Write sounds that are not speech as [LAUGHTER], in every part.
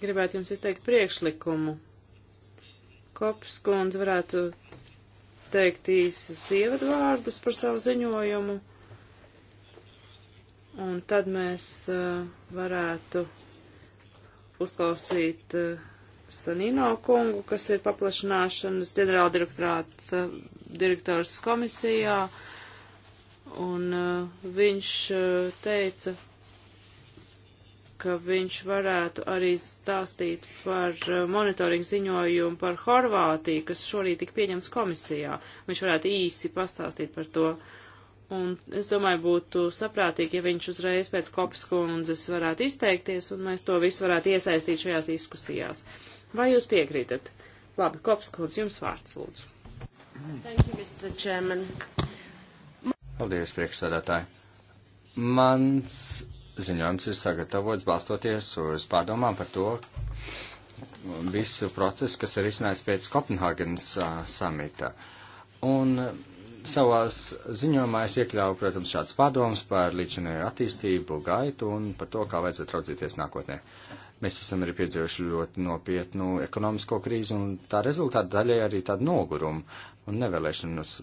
gribētu jums izteikt priekšlikumu. Kops kundze varētu teikt īsus ievadvārdus par savu ziņojumu, un tad mēs uh, varētu uzklausīt uh, Sanino kungu, kas ir paplašināšanas ģenerāla direktorāta uh, direktors komisijā, un uh, viņš uh, teica, ka viņš varētu arī stāstīt par eh, monitoringu ziņojumu par Horvātiju, kas šorīt tik pieņems komisijā. Viņš varētu īsi pastāstīt par to. Un es domāju, būtu saprātīgi, ja viņš uzreiz pēc kopas kundzes varētu izteikties, un mēs to visu varētu iesaistīt šajās diskusijās. Vai jūs piekrītat? Labi, kopas kundze, jums vārds lūdzu. Thank you, Mr. Chairman. Paldies, priekšsēdētāji. Mans ziņojums ir sagatavots balstoties uz pārdomām par to visu procesu, kas ir izcinājis pēc Kopenhāgenes samita. Un savās ziņojumā es iekļauju, protams, šāds padoms par līdzinēju attīstību, gaitu un par to, kā vajadzētu raudzīties nākotnē. Mēs esam arī piedzīvojuši ļoti nopietnu ekonomisko krīzi un tā rezultāta daļai arī tādu nogurumu un nevēlēšanos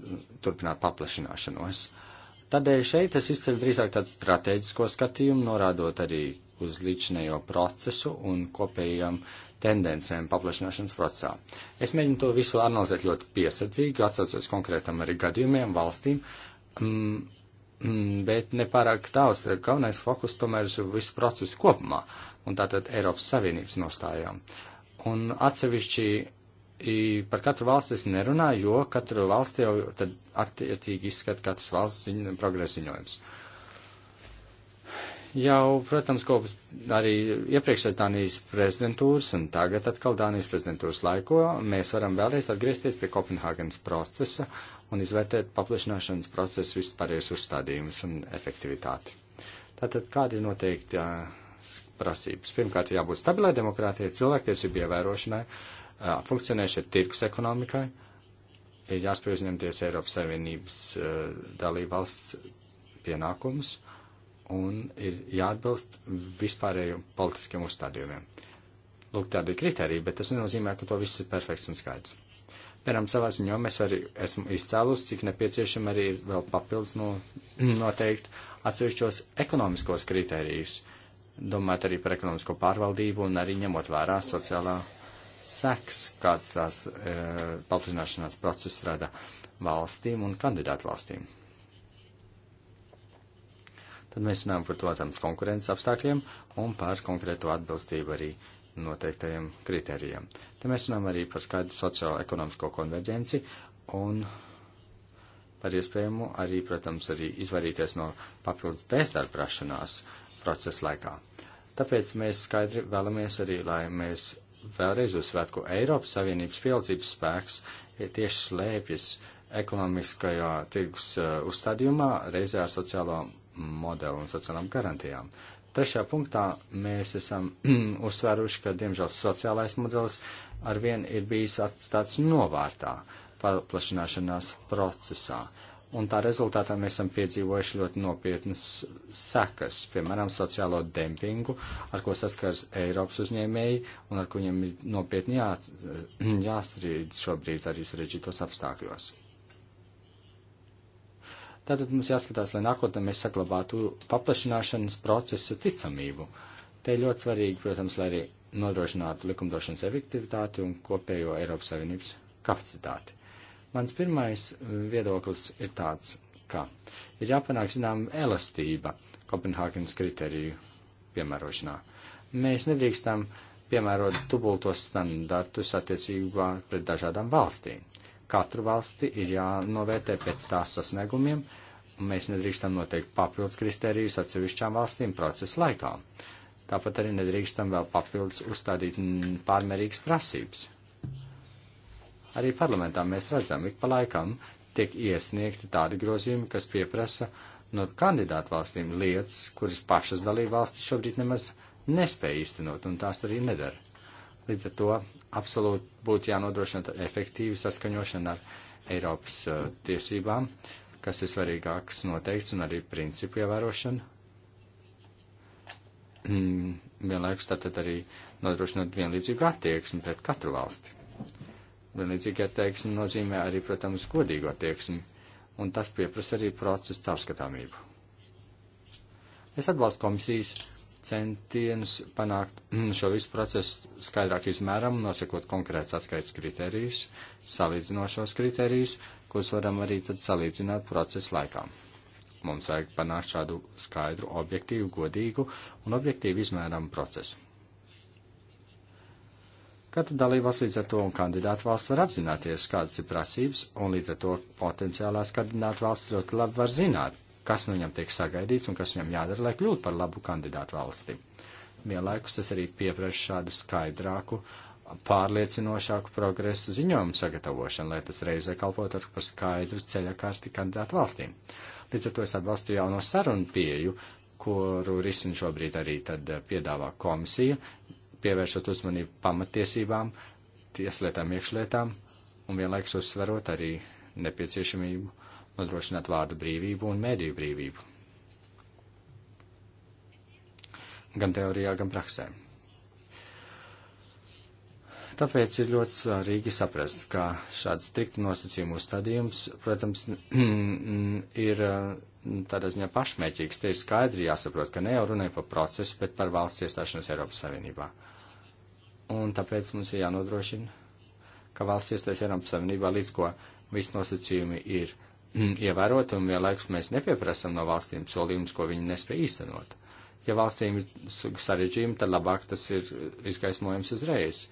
turpināt paplašināšanos. Uh, Tādēļ šeit es izceļu drīzāk tādu strateģisko skatījumu, norādot arī uz līdzinējo procesu un kopējām tendencēm paplašināšanas procesā. Es mēģinu to visu analizēt ļoti piesardzīgi, atsaucos konkrētam arī gadījumiem, valstīm, mm, mm, bet nepārāk tāds. Galvenais fokus tomēr ir visu procesu kopumā, un tātad Eiropas Savienības nostājām. Un atsevišķi I par katru valsti es nerunāju, jo katru valsti jau tad attiecīgi izskata katras valsts ziņ, progresa ziņojums. Jau, protams, kopus arī iepriekšējais Dānijas prezidentūras un tagad atkal Dānijas prezidentūras laiko mēs varam vēlreiz atgriezties pie Kopenhāgenes procesa un izvērtēt paplašināšanas procesu vispārējais uzstādījumus un efektivitāti. Tātad kādi ir noteikti prasības? Pirmkārt, jābūt stabilai demokrātijai, cilvēktiesību ievērošanai funkcionēšai tirgus ekonomikai, ir jāspēj uzņemties Eiropas Savienības dalībvalsts pienākumus un ir jāatbilst vispārējiem politiskiem uzstādījumiem. Lūk, tādi ir kriteriji, bet tas nenozīmē, ka to viss ir perfekts un skaidrs. Piemēram, savā ziņā mēs arī esam izcēlus, cik nepieciešam arī vēl papildus no, [CLEARS THROAT] noteikt atsevišķos ekonomiskos kriterijus, domājot arī par ekonomisko pārvaldību un arī ņemot vērā sociālā uh, seks, kāds tās e, paplašināšanās process rada valstīm un kandidātu valstīm. Tad mēs runājam par to zemes konkurences apstākļiem un par konkrēto atbilstību arī noteiktajiem kritērijiem. Te mēs runājam arī par skaidru sociālo-ekonomisko konverģenci un par iespējamu arī, protams, arī izvairīties no papildus bezdarba rašanās procesa laikā. Tāpēc mēs skaidri vēlamies arī, lai mēs vēlreiz uzsvērt, ka Eiropas Savienības pieaudzības spēks tieši slēpjas ekonomiskajā tirgus eh, uzstādījumā, reizē ar sociālo modeli un sociālām garantijām. Trešajā punktā mēs esam [CLEARS THROAT] uzsvēruši, ka, diemžēl, sociālais modelis arvien ir bijis atstāts novārtā paplašināšanās procesā. Uh, un tā rezultātā mēs esam piedzīvojuši ļoti nopietnas sekas, piemēram, sociālo dempingu, ar ko saskars Eiropas uzņēmēji un ar ko viņiem ir nopietni jā, jāstrīd šobrīd arī sarežģītos apstākļos. Tātad mums jāskatās, lai nākotnē mēs saglabātu paplašināšanas procesu ticamību. Te ir ļoti svarīgi, protams, lai arī nodrošinātu likumdošanas efektivitāti un kopējo Eiropas Savienības kapacitāti. Mans pirmais eh, viedoklis ir tāds, ka ir jāpanāk zinām elastība Kopenhāgenes kriteriju piemērošanā. Mēs nedrīkstam piemērot dubultos standartus attiecībā pret dažādām valstīm. Katru valsti ir jānovērtē pēc tās sasniegumiem, un mēs nedrīkstam noteikt papildus kriterijus atsevišķām valstīm procesa laikā. Tāpat arī nedrīkstam vēl papildus uzstādīt pārmērīgas prasības. Arī parlamentā mēs redzam, ik pa laikam tiek iesniegti tādi grozījumi, kas pieprasa no kandidātu valstīm lietas, kuras pašas dalība valstis šobrīd nemaz nespēja īstenot, un tās arī nedara. Līdz ar to absolūti būtu jānodrošina efektīva saskaņošana ar Eiropas uh, tiesībām, kas ir svarīgāks noteikts, un arī principu ievērošana. Mm, vienlaikus tātad arī nodrošinot vienlīdzīgu attieksmi pret katru valsti. Vienlīdzīgi attieksme nozīmē arī, protams, godīgu attieksmi, un tas pieprasa arī procesu caurskatāmību. Es atbalstu komisijas centienus panākt [CLEARS THROAT] šo visu procesu skaidrāk izmēram, nosakot konkrēts atskaits kritērijus, salīdzinošos kritērijus, kurus varam arī tad salīdzināt procesa laikā. Mums vajag panākt šādu skaidru, objektīvu, godīgu un objektīvu izmēram procesu. Katra dalībvalsts līdz ar to un kandidātu valsts var apzināties, kādas ir prasības, un līdz ar to potenciālās kandidātu valsts ļoti labi var zināt, kas no viņam tiek sagaidīts un kas viņam jādara, lai kļūtu par labu kandidātu valsti. Vienlaikus tas arī pieprasa šādu skaidrāku, pārliecinošāku progresu ziņojumu sagatavošanu, lai tas reizē kalpotu par skaidru ceļakārti kandidātu valstīm. Līdz ar to es atbalstu jauno sarunu pieju, kuru risinu šobrīd arī tad eh, piedāvā komisija, pievēršot uzmanību pamatiesībām, tieslietām, iekšlietām un vienlaikus uzsverot arī nepieciešamību nodrošināt vārdu brīvību un mēdīju brīvību. Gan teorijā, gan praksē. Tāpēc ir ļoti svarīgi saprast, ka šāds strikti nosacījumu uzstādījums, protams, [CLEARS THROAT] ir tādā ziņā pašmērķīgs. Te ir skaidri jāsaprot, ka ne jau runāja par procesu, bet par valsts iestāšanos Eiropas Savienībā. Un tāpēc mums ir jānodrošina, ka valsts iestājas Eiropas Savienībā līdz ko visi nosacījumi ir [CLEARS THROAT] ievērot, un vienlaikus mēs nepieprasam no valstīm solījumus, ko viņi nespēja īstenot. Ja valstīm ir sarežģījumi, tad labāk tas ir izgaismojums uzreiz.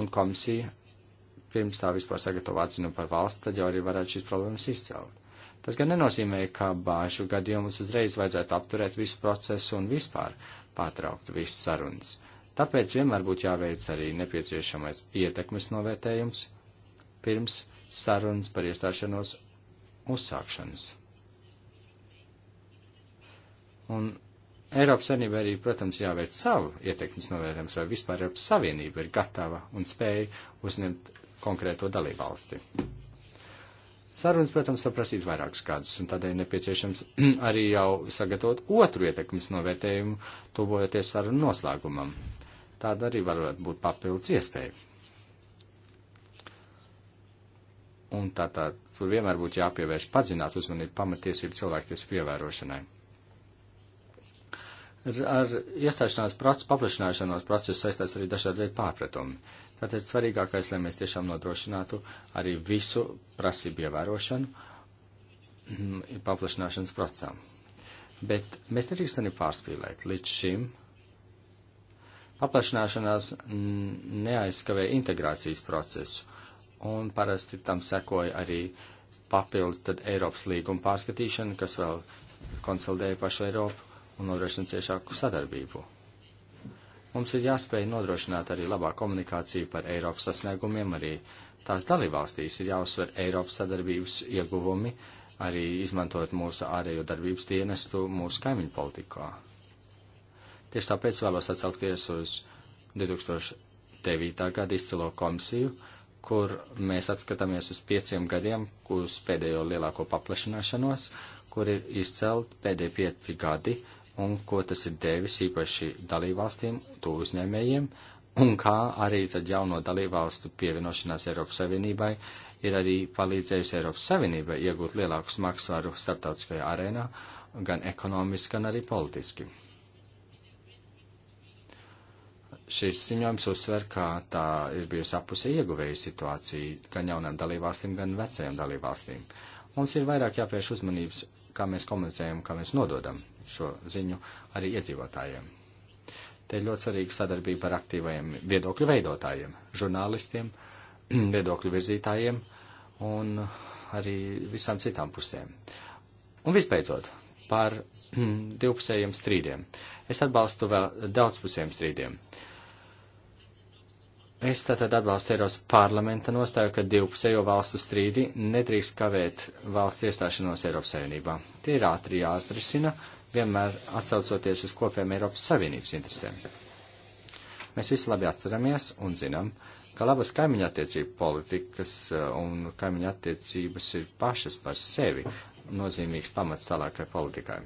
Un komisija pirms tā vispār sagatavot zinu par valsts, tad jau arī varētu šīs problēmas izcelt. Tas gan nenozīmē, ka bāžu gadījumus uzreiz vajadzētu apturēt visu procesu un vispār pārtraukt visas sarunas. Tāpēc vienmēr būtu jāveic arī nepieciešamais ietekmes novērtējums pirms sarunas par iestāšanos uzsākšanas. Un Eiropas Savienība arī, protams, jāveic savu ieteikumus novērtējums, vai vispār Eiropas Savienība ir gatava un spēja uzņemt konkrēto dalībvalsti. Sarunas, protams, var prasīt vairākus gadus, un tādēļ nepieciešams [CLEARS THROAT] arī jau sagatavot otru ietekmes novērtējumu, tuvojoties sarunu noslēgumam. Tāda arī varētu būt papildus iespēja. Un tā tā, tur vienmēr būtu jāpievērš padzināt uzmanību pamatiesību cilvēktiesu pievērošanai. Ar, ar iestāšanās procesu, paplašināšanos procesu saistās arī dažādi veidi pārpratumi. Tātad svarīgākais, lai mēs tiešām nodrošinātu arī visu prasību ievērošanu mm, paplašināšanas procesam. Bet mēs nedrīkstam arī pārspīlēt. Līdz šim paplašināšanās mm, neaizskavē integrācijas procesu, un parasti tam sekoja arī papildus tad Eiropas līguma pārskatīšana, kas vēl konsolidēja pašu Eiropu un nodrošina ciešāku sadarbību. Mums ir jāspēj nodrošināt arī labā komunikācija par Eiropas sasniegumiem, arī tās dalībvalstīs ir jāuzsver Eiropas sadarbības ieguvumi, arī izmantojot mūsu ārējo darbības dienestu mūsu kaimiņu politikā. Tieši tāpēc vēlos atsaukties uz 2009. gada izcilo komisiju, kur mēs atskatāmies uz pieciem gadiem, uz pēdējo lielāko paplašināšanos, kur ir izcelt pēdējie pieci gadi un ko tas ir devis īpaši dalībvalstīm, to uzņēmējiem, un kā arī tad jauno dalībvalstu pievienošanās Eiropas Savienībai ir arī palīdzējusi Eiropas Savienībai iegūt lielāku smagsvaru starptautiskajā arēnā, gan ekonomiski, gan arī politiski. Šis ziņojums uzsver, ka tā ir bijusi apusē ieguvēja situācija gan jaunām dalībvalstīm, gan vecajām dalībvalstīm. Mums ir vairāk jāpievērš uzmanības, kā mēs komunicējam, kā mēs nododam šo ziņu arī iedzīvotājiem. Te ir ļoti svarīga sadarbība ar aktīvajiem viedokļu veidotājiem, žurnālistiem, [CLEARS THROAT] viedokļu virzītājiem un arī visām citām pusēm. Un visbeidzot, par [CLEARS THROAT] divpusējiem strīdiem. Es atbalstu vēl daudzpusējiem strīdiem. Uh, Es tātad atbalstu Eiropas parlamenta nostāju, ka divpusējo valstu strīdi nedrīkst kavēt valsts iestāšanos Eiropas Savienībā. Tie ir ātri jāatrisina, vienmēr atsaucoties uz kopiem Eiropas Savienības interesēm. Mēs visi labi atceramies un zinām, ka labas kaimiņa attiecību politikas eh, un kaimiņa attiecības ir pašas par sevi nozīmīgs pamats tālākai politikai.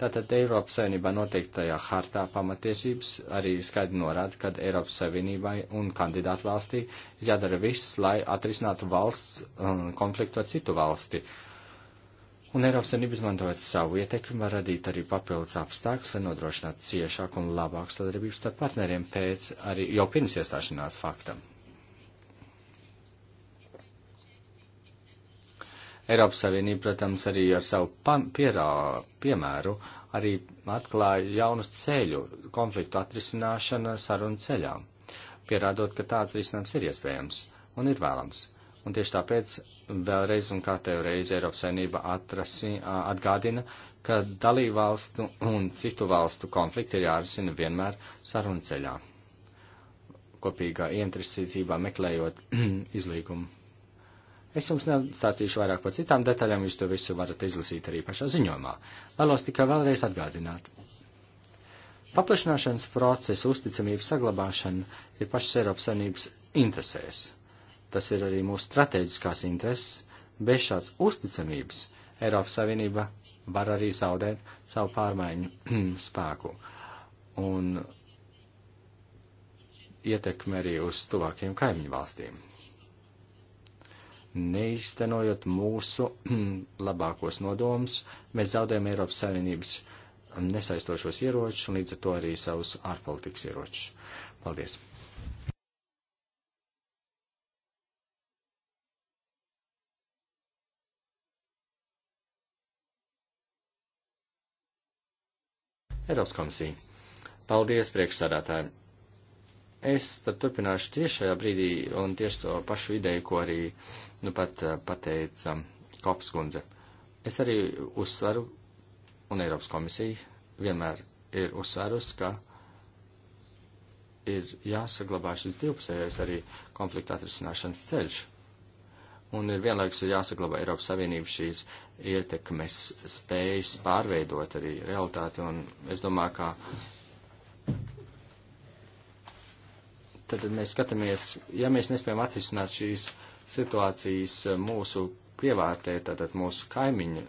Tātad Eiropas Savienībā noteiktajā hartā pamatiesības arī skaidri norāda, ka Eiropas Savienībai un kandidātu valstī jādara viss, lai atrisinātu valsts um, konfliktu ar citu valsti. Un Eiropas Savienība izmantojot savu ietekmi var radīt arī papildus apstākļus, lai nodrošinātu ciešāku un labāku sadarbību starp partneriem pēc arī jau pirms iestāšanās faktam. Eiropas Savienība, protams, arī ar savu pierā, piemēru arī atklāja jaunus ceļu konfliktu atrisināšana sarunu ceļā, pierādot, ka tāds risinājums ir iespējams un ir vēlams. Un tieši tāpēc vēlreiz un kā tev reiz Eiropas Savienība atrasi, atgādina, ka dalībvalstu un citu valstu konflikti ir jārisina vienmēr sarunu ceļā, kopīgā ientrasītībā meklējot [CLEARS THROAT] izlīgumu. Es jums nestāstīšu vairāk par citām detaļām, jūs to visu varat izlasīt arī pašā ziņojumā. Vēlos tikai vēlreiz atgādināt. Paplašināšanas procesa uzticamības saglabāšana ir pašas Eiropas Savienības interesēs. Tas ir arī mūsu strateģiskās intereses. Bez šāds uzticamības Eiropas Savienība var arī zaudēt savu pārmaiņu [CLEARS THROAT] spēku un ietekmi arī uz tuvākiem kaimiņu valstīm neiztenojot mūsu [CLEARS THROAT] labākos nodomus, mēs zaudējam Eiropas Savienības nesaistošos ieročus un līdz ar to arī savus ārpolitikas ieročus. Paldies! Eiropas komisija. Paldies, priekšsādātāji! Es tad turpināšu tieši šajā brīdī un tieši to pašu ideju, ko arī uh, nu pat eh, pateica Kops kundze. Es arī uzsveru, un Eiropas komisija vienmēr ir uzsverusi, ka ir jāsaglabā šis divpusējais arī konflikta atrisināšanas ceļš. Un ir vienlaikus ir jāsaglabā Eiropas Savienības šīs ietekmes spējas pārveidot arī realitāti, un es domāju, ka tad mēs skatāmies, ja mēs nespējam atrisināt šīs situācijas eh, mūsu pievārtē, tātad mūsu kaimiņu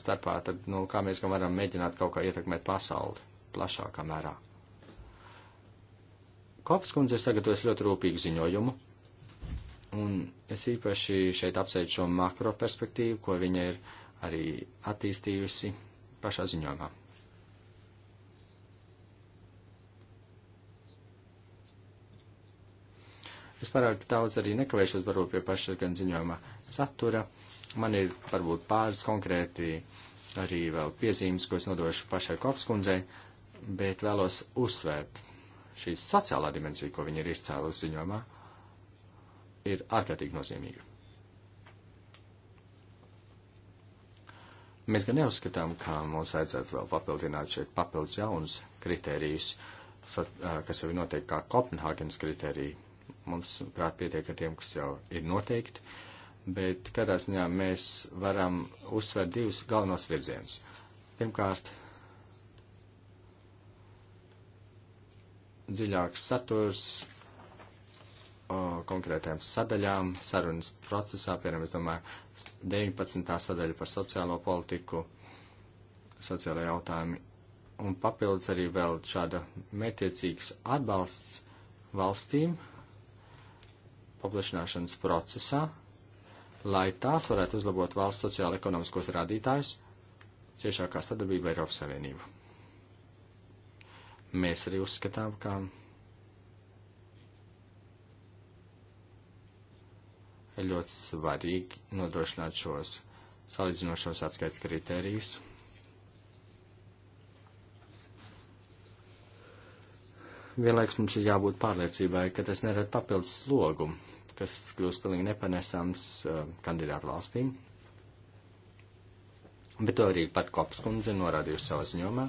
starpā, tad, nu, kā mēs gan varam mēģināt kaut kā ietekmēt pasauli plašākā mērā. Kops kundze ir sagatavojis ļoti rūpīgu ziņojumu, un es īpaši šeit apsveicu šo makro perspektīvu, ko viņa ir arī attīstījusi pašā ziņojumā. Es pārāk daudz arī nekavēšos varbūt pie paša gan ziņojuma satura. Man ir varbūt pāris konkrēti arī vēl piezīmes, ko es nodošu pašai kopskundzei, bet vēlos uzsvērt šī sociālā dimensija, ko viņi ir izcēlusi ziņojumā, ir ārkārtīgi nozīmīga. Mēs gan neuzskatām, ka mums vajadzētu vēl papildināt šeit papildus jaunus kritērijus, kas jau ir noteikti kā Kopenhāgenes kritērija, Mums, prāt, pietiek ar tiem, kas jau ir noteikti, bet kādā ziņā mēs varam uzsvērt divus galvenos virzienus. Pirmkārt, dziļāks saturs o, konkrētām sadaļām, sarunas procesā, piemēram, es domāju, 19. sadaļa par sociālo politiku, sociālo jautājumu, un papildus arī vēl šāda mētiecīgs atbalsts valstīm, paplašināšanas procesā, lai tās varētu uzlabot valsts sociāla-ekonomiskos rādītājus ciešākā sadarbība ar Eiropas Savienību. Mēs arī uzskatām, ka ir ļoti svarīgi nodrošināt šos salīdzinošos atskaits kritērijus. vienlaikus mums ir jābūt pārliecībai, ka tas nerada papildus slogumu kas kļūst pilnīgi nepanesams eh, kandidātu valstīm. Bet to arī pat Kopskundze norādījusi savā ziņomā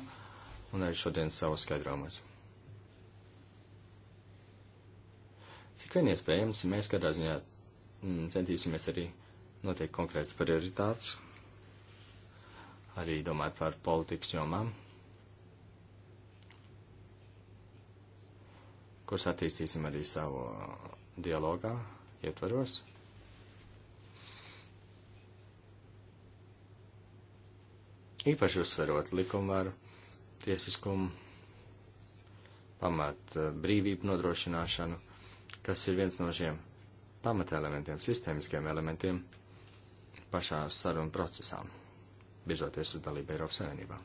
un arī šodien savu skaidrojumus. Cik vien iespējams, mēs kādā ziņā mm, centīsimies arī noteikt konkrētas prioritātes, arī domāt par politikas jomām, kuras attīstīsim arī savu dialogā ietvaros. Īpaši uzsverot likumvaru, tiesiskumu, pamat eh, brīvību nodrošināšanu, kas ir viens no šiem pamatelementiem, sistēmiskiem elementiem pašā sarunu procesā, bizoties uz dalību Eiropas Savienībā.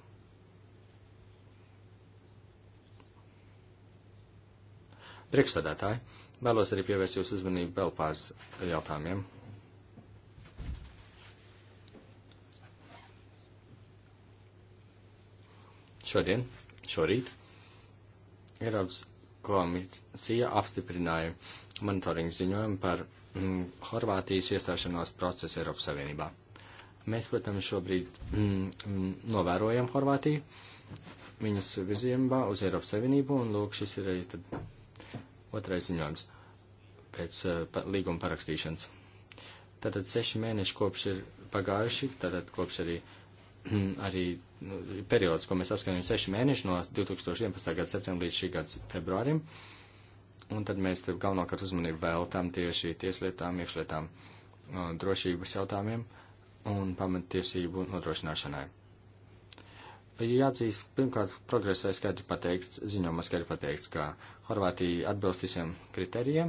Priekšstādātāji, Vēlos arī pievērst jūsu uzmanību vēl pāris jautājumiem. Šodien, šorīt, Eiropas komisija apstiprināja monitoringu ziņojumu par mm, Horvātijas iestāšanos procesu Eiropas Savienībā. Mēs, protams, šobrīd mm, novērojam Horvātiju viņas virzībā uz Eiropas Savienību, un lūk, šis ir arī Otrais ziņojums pēc uh, līguma parakstīšanas. Tātad seši mēneši kopš ir pagājuši, tātad kopš arī, [CLEARS THROAT] arī nu, periods, ko mēs apskatījām, seši mēneši no 2011. gada septembra līdz šī gada februārim. Un tad mēs galvenokārt uzmanību veltām tieši tieslietām, iekšlietām, eh, drošības jautājumiem un pamatiesību nodrošināšanai. Ir jāatzīst, pirmkārt, progresē skaidri pateikts, ziņojumā skaidri pateikts, ka Horvātija atbilst visiem kriterijiem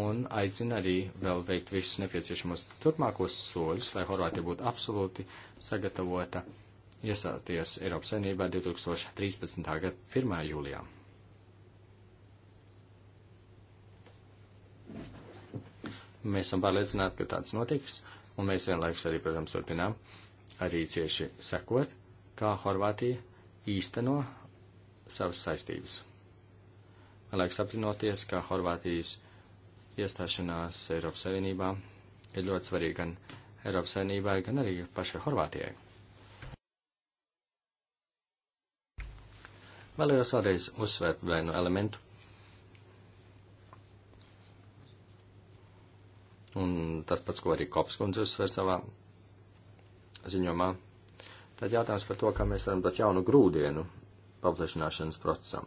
un aicina arī vēl veikt visus nepieciešamos turpmākos soļus, lai Horvātija būtu absolūti sagatavota iestāties Eiropas Savienībā 2013. gada 1. jūlijā. Mēs esam pārliecināti, ka tāds notiks, un mēs vienlaikus arī, protams, turpinām arī cieši sekot kā Horvātija īsteno savas saistības. Man liekas apzinoties, ka Horvātijas iestāšanās Eiropas Savienībā ir ļoti svarīga gan Eiropas Savienībai, gan arī pašai Horvātijai. Vēlējos vēlreiz uzsvērt vienu elementu. Un tas pats, ko arī Kopskundze uzsver savā ziņomā Tad jautājums par to, kā mēs varam dot jaunu grūdienu paplašināšanas procesam.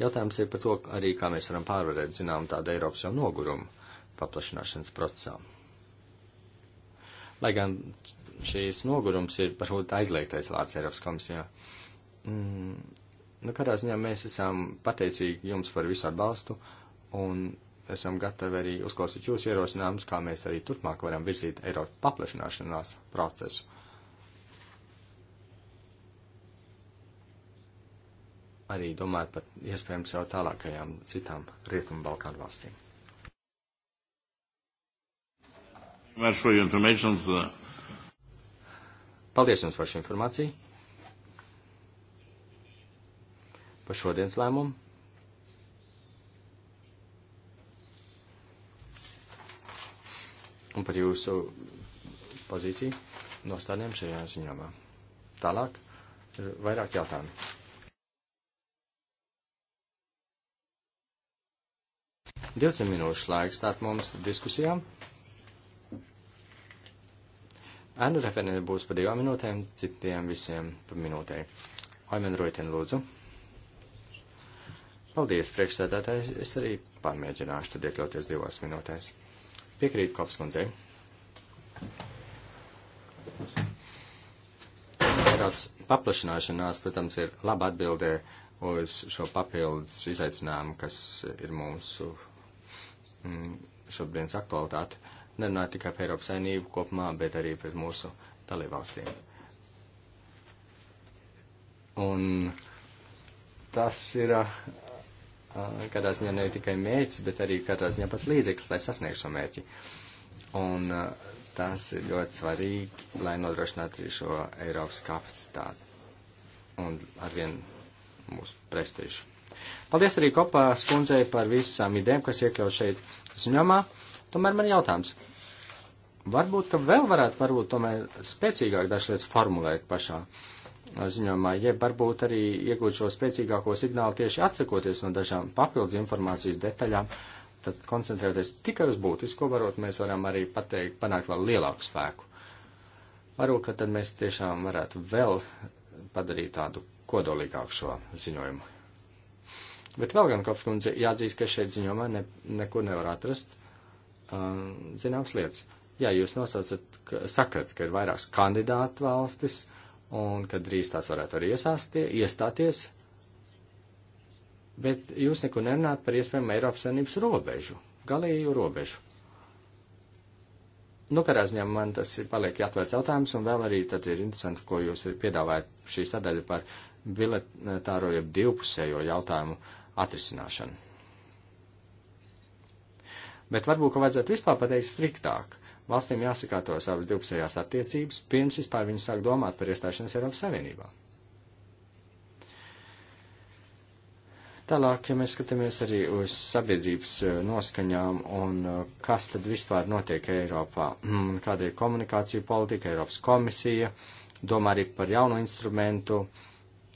Jautājums ir par to arī, kā mēs varam pārvarēt, zinām, tādu Eiropas jau nogurumu paplašināšanas procesā. Lai gan šīs nogurums ir varbūt aizliegtais vārds Eiropas komisijā. Mm, nu, kādā ziņā mēs esam pateicīgi jums par visu atbalstu, un esam gatavi arī uzklausīt jūsu ierosinājumus, kā mēs arī turpmāk varam virzīt Eiropas paplašināšanās procesu. Arī domājot par iespējams jau tālākajām citām Rietumu Balkānu valstīm. Paldies jums par šo informāciju, par šodienas lēmumu. un par jūsu pozīciju nostādēm šajā ziņāmā. Tālāk ir eh, vairāk jautājumu. Divdesmit minūšu laiks tāt mums diskusijām. Ēnu referenti būs pa divām minūtēm, citiem visiem pa minūtē. Oimen Roitien, lūdzu. Paldies, priekšsēdētājs. Es arī pārmēģināšu tad iekļauties divās minūtēs. Piekrīt Kopskundzei. Tāds paplašināšanās, protams, ir laba atbildē uz šo papildus izaicinājumu, kas ir mūsu mm, šodienas aktualitāte. Nerunāt tikai par Eiropas saimnību kopumā, bet arī par mūsu dalībvalstīm. Un tas ir ah, katrā ziņā ne tikai mērķis, bet arī katrā ziņā pats līdzeklis, lai sasniegtu šo mērķi. Un tas ir ļoti svarīgi, lai nodrošinātu arī šo Eiropas kapacitāti un arvien mūsu prestižu. Paldies arī kopā skundzei par visām idejām, kas iekļaut šeit ziņomā. Tomēr man jautājums. Varbūt, ka vēl varētu, varbūt tomēr spēcīgāk dažas lietas formulēt pašā uh, ziņojumā, jeb varbūt arī iegūt šo spēcīgāko signālu tieši atsakoties no dažām papildus informācijas detaļām, tad koncentrēties tikai uz būtisko, varot mēs varam arī pateikt, panākt vēl lielāku spēku. Varbūt, ka tad mēs tiešām varētu vēl padarīt tādu kodolīgāku šo ziņojumu. Bet vēl gan Kopskundze jāatzīst, ka šeit ziņojumā ne, nekur nevar atrast um, zināmas lietas. Jā, jūs nosaucat, ka, sakat, ka ir vairākas kandidātu valstis, uh, un kad drīz tās varētu arī iesāstie, iestāties, bet jūs neko nerunājat par iespējamu Eiropas Savienības robežu, galēju robežu. Nu, kādā ziņā man tas ir paliek jāatvērts jautājums, un vēl arī tad ir interesanti, ko jūs ir piedāvājat šī sadaļa par biletāro jeb divpusējo jautājumu atrisināšanu. Bet varbūt, ka vajadzētu vispār pateikt striktāk Valstīm jāsakārto savas divpusējās attiecības, pirms vispār viņi sāk domāt par iestāšanos Eiropas Savienībā. Tālāk, ja mēs skatāmies arī uz sabiedrības eh, noskaņām un eh, kas tad vispār notiek Eiropā, mm, kāda ir komunikācija politika, Eiropas komisija, domā arī par jaunu instrumentu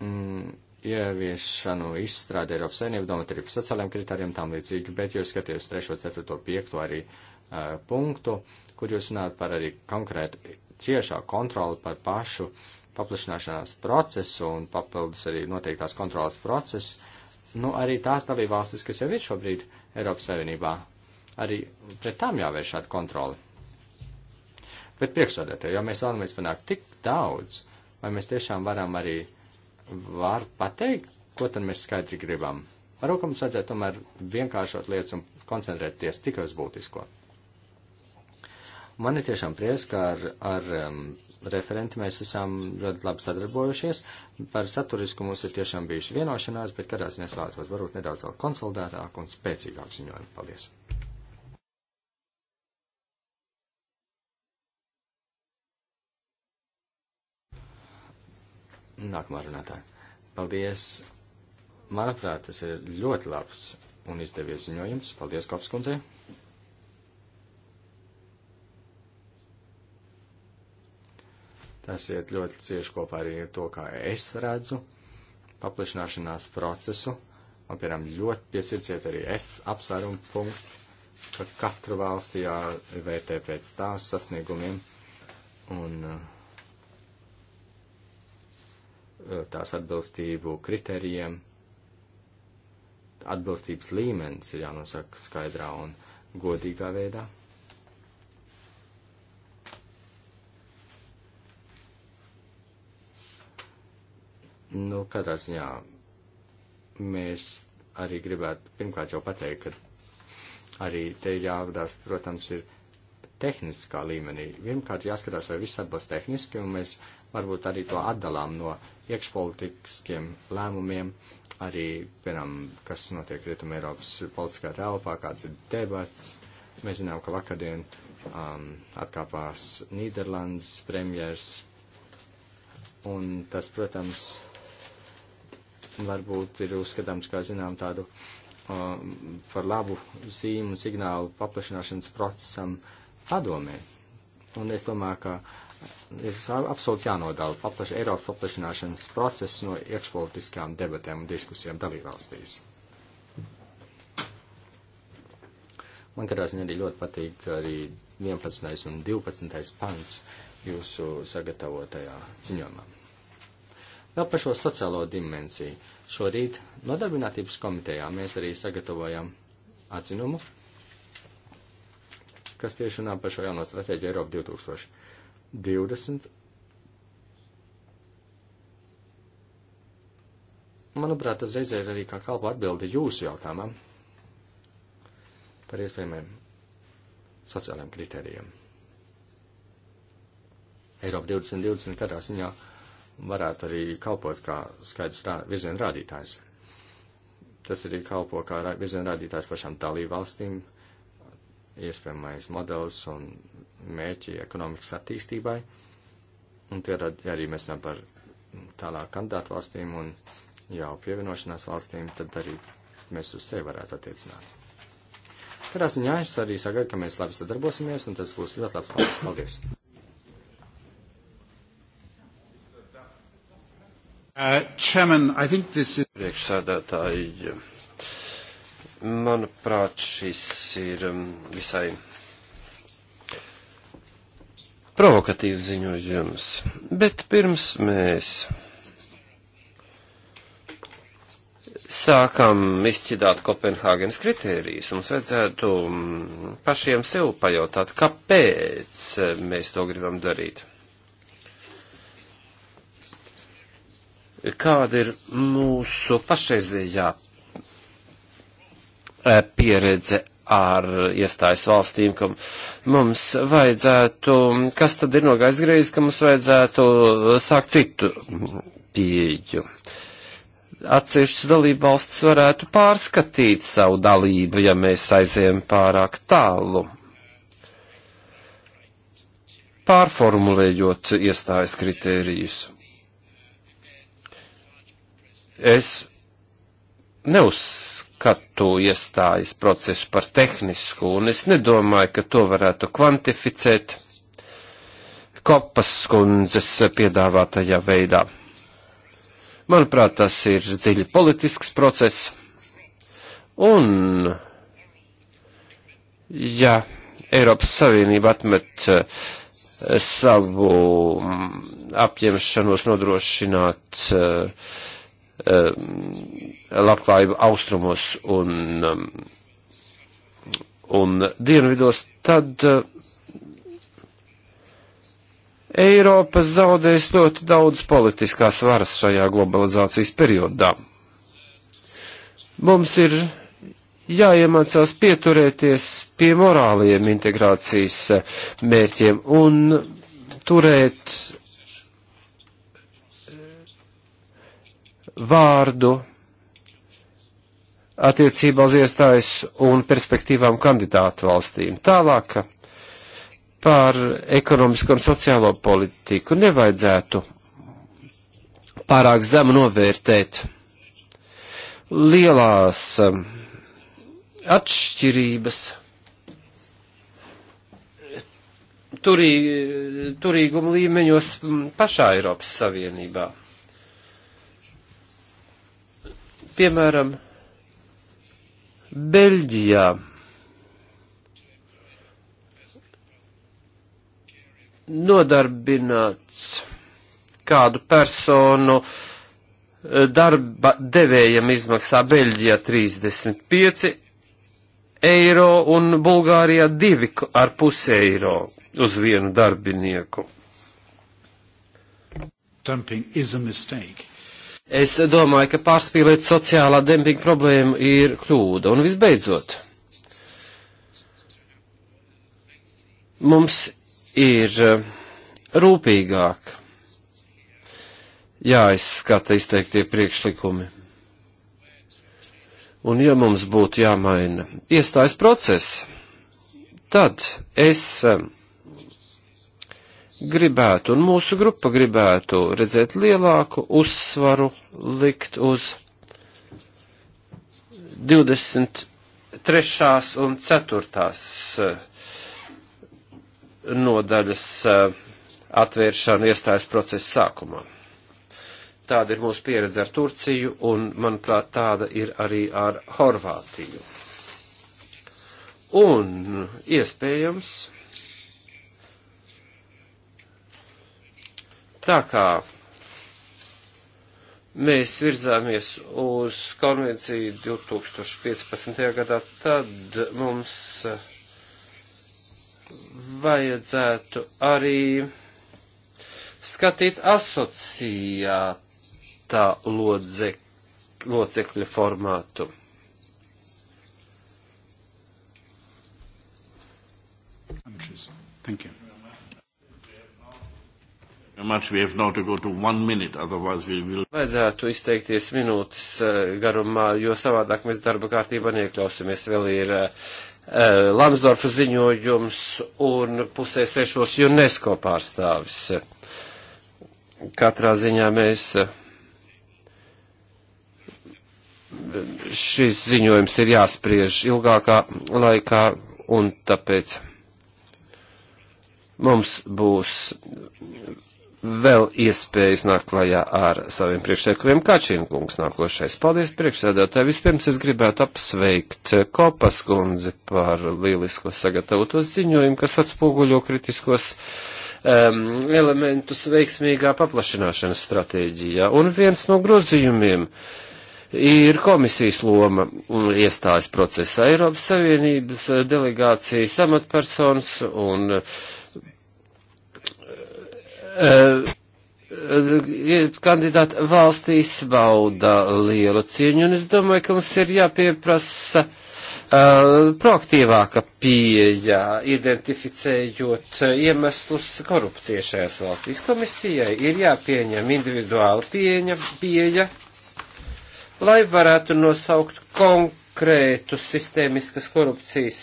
mm, ieviešanu, izstrādi Eiropas saimnieku, domāt arī par sociālajiem kritērijiem tam līdzīgi, bet jūs skatāties 3, 4, 5 arī uh, punktu, uh, kur jūs runājat par arī konkrēti ciešā kontroli par pašu paplašināšanās procesu un papildus arī noteiktās kontrolas procesu, nu arī tās dalībvalstis, kas jau ir šobrīd Eiropas Savienībā, arī pret tām jāvērš šāda kontroli. Bet priekšsādētāji, jo mēs vēlamies panākt tik daudz, vai mēs tiešām varam arī var pateikt, ko tad mēs skaidri gribam. Varbūt mums vajadzētu tomēr vienkāršot lietas un koncentrēties tikai uz būtisko. Man ir tiešām prieks, ka ar, ar um, referenti mēs esam ļoti labi sadarbojušies. Par saturisku mums ir tiešām bijuši vienošanās, bet kādās mēs vēlētos varbūt nedaudz vēl konsolidētāk un spēcīgāk ziņojumu. Paldies! Nākamā runātāja. Paldies! Manuprāt, tas ir ļoti labs un izdevies ziņojums. Paldies, Kopskundzei! Tas iet ļoti cieši kopā arī ar to, kā es redzu paplašināšanās procesu. Man, piemēram, ļoti piesirdziet arī F apsvērumu punkts, ka katru valsti jāvērtē pēc tās sasniegumiem un eh, tās atbilstību kritērijiem. Atbilstības līmenis ir jānosaka skaidrā un godīgā veidā. Nu, kādā ziņā mēs arī gribētu pirmkārt jau pateikt, ka arī te jāvadās, protams, ir tehniskā līmenī. Pirmkārt jāskatās, vai viss atbalsts tehniski, un mēs varbūt arī to atdalām no iekšpolitiskiem lēmumiem, arī, piemēram, kas notiek Rietum Eiropas politiskā telpā, kāds ir debats. Mēs zinām, ka vakardien um, atkāpās Nīderlandes premjers, un tas, protams, varbūt ir uzskatāms, kā zinām, tādu um, par labu zīmu signālu paplašināšanas procesam padomē. Un es domāju, ka ir absolūti jānodala paplaš, Eiropas paplašināšanas process no iekšpolitiskām debatēm un diskusijām dalībvalstīs. Man katrā ziņā arī ļoti patīk arī 11. un 12. pants jūsu sagatavotajā ziņojumā. Vēl par šo sociālo dimensiju. Šorīt nodarbinātības komitejā mēs arī sagatavojam atzinumu, kas tieši runā par šo jauno stratēģiju Eiropu 2020. Manuprāt, tas reizē ir arī kā kalpa atbildi jūsu jautājumam par iespējamiem sociālajiem kritērijiem. Eiropa 2020 katrā ziņā. Ja varētu arī kalpot kā skaidrs rā, virzienu rādītājs. Tas arī kalpo kā rā, virzienu rādītājs pašām dalību valstīm, iespējamais modelis un mērķi ekonomikas attīstībai. Un tie arī mēs zinām par tālāk kandidātu valstīm un jau pievienošanās valstīm, tad arī mēs uz sevi varētu attiecināt. Katrā ziņā es arī sagaidu, ka mēs labi sadarbosimies, un tas būs ļoti labs. Paldies! Uh, chairman, is... Priekšsēdētāji, manuprāt, šis ir um, visai provokatīvs ziņojums, bet pirms mēs sākam izšķidāt Kopenhāgenes kritērijas, mums vajadzētu um, pašiem sev pajautāt, kāpēc mēs to gribam darīt. kāda ir mūsu pašreizējā eh, pieredze ar iestājas valstīm, ka mums vajadzētu, kas tad ir nogājis greizi, ka mums vajadzētu sākt citu pieeju. Atsevišķas dalība valsts varētu pārskatīt savu dalību, ja mēs aizējam pārāk tālu. Pārformulējot iestājas kritērijus. Es neuzskatu iestājas procesu par tehnisku, un es nedomāju, ka to varētu kvantificēt kopas skundzes piedāvātajā veidā. Manuprāt, tas ir dziļi politisks process, un, ja Eiropas Savienība atmet eh, savu mm, apņemšanos nodrošināt uh, Um, labklājību austrumos un, um, un dienvidos, tad uh, Eiropa zaudēs ļoti daudz politiskās varas šajā globalizācijas periodā. Mums ir jāiemācās pieturēties pie morāliem integrācijas uh, mērķiem un turēt vārdu attiecībā uz iestājas un perspektīvām kandidātu valstīm. Tālāk par ekonomisko un sociālo politiku nevajadzētu pārāk zemu novērtēt lielās um, atšķirības turī, turīguma līmeņos mm, pašā Eiropas Savienībā. Piemēram, Beļģijā nodarbināts kādu personu eh, darba devējam izmaksā Beļģijā 35 eiro un Bulgārijā 2,5 eiro uz vienu darbinieku. Dumping is a mistake. Es domāju, ka pārspīlēt sociālā dempinga problēmu ir kļūda. Un visbeidzot, mums ir eh, rūpīgāk jāizskata izteiktie priekšlikumi. Un ja mums būtu jāmaina iestājas process, tad es eh, gribētu, un mūsu grupa gribētu redzēt lielāku uzsvaru likt uz 23. un 4. Eh, nodaļas eh, atvēršanu iestājas procesa sākumā. Tāda ir mūsu pieredze ar Turciju, un, manuprāt, tāda ir arī ar Horvātiju. Un, iespējams, Tā kā mēs virzāmies uz konvenciju 2015. gadā, tad mums eh, vajadzētu arī skatīt asociētā lodzek, locekļa formātu. Thank you. Vajadzētu izteikties minūtes eh, garumā, jo savādāk mēs darba kārtībā neiekļausimies. Vēl ir uh, eh, eh, Lamsdorfa ziņojums un pusē sešos UNESCO pārstāvis. Katrā ziņā mēs. Šis ziņojums ir jāspriež ilgākā laikā, un tāpēc mums būs vēl iespējas nākt klajā ar saviem priekšsēkumiem. Kačina kungs nākošais. Paldies priekšsēdētāji. Vispirms es gribētu apsveikt Kopas kundzi par lielisko sagatavotos ziņojumu, kas atspoguļo kritiskos um, elementus veiksmīgā paplašināšanas stratēģijā. Un viens no grozījumiem ir komisijas loma iestājas procesā Eiropas Savienības delegācijas amatpersonas un uh, Eh, eh, kandidāti valstīs bauda lielu cieņu, un es domāju, ka mums ir jāpieprasa eh, proaktīvāka pieeja, identificējot iemeslus korupcijai šajās valstīs. Komisijai ir jāpieņem individuāla pieeja, pieeja lai varētu nosaukt konkrētus sistēmiskas korupcijas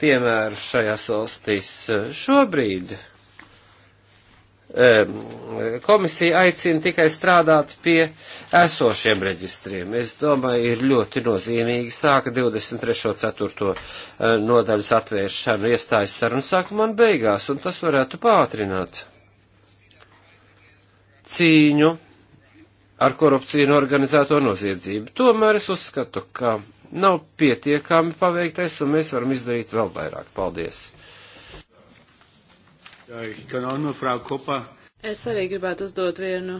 piemērus šajās valstīs. Šobrīd Ehm, komisija aicina tikai strādāt pie esošiem reģistriem. Es domāju, ir ļoti nozīmīgi sāka 23.4. Eh, nodaļas atvēršanu iestājas sarunu sākumā un beigās, un tas varētu pātrināt cīņu ar korupciju un organizēto noziedzību. Tomēr es uzskatu, ka nav pietiekami paveiktais, un mēs varam izdarīt vēl vairāk. Paldies! Es arī gribētu uzdot vienu.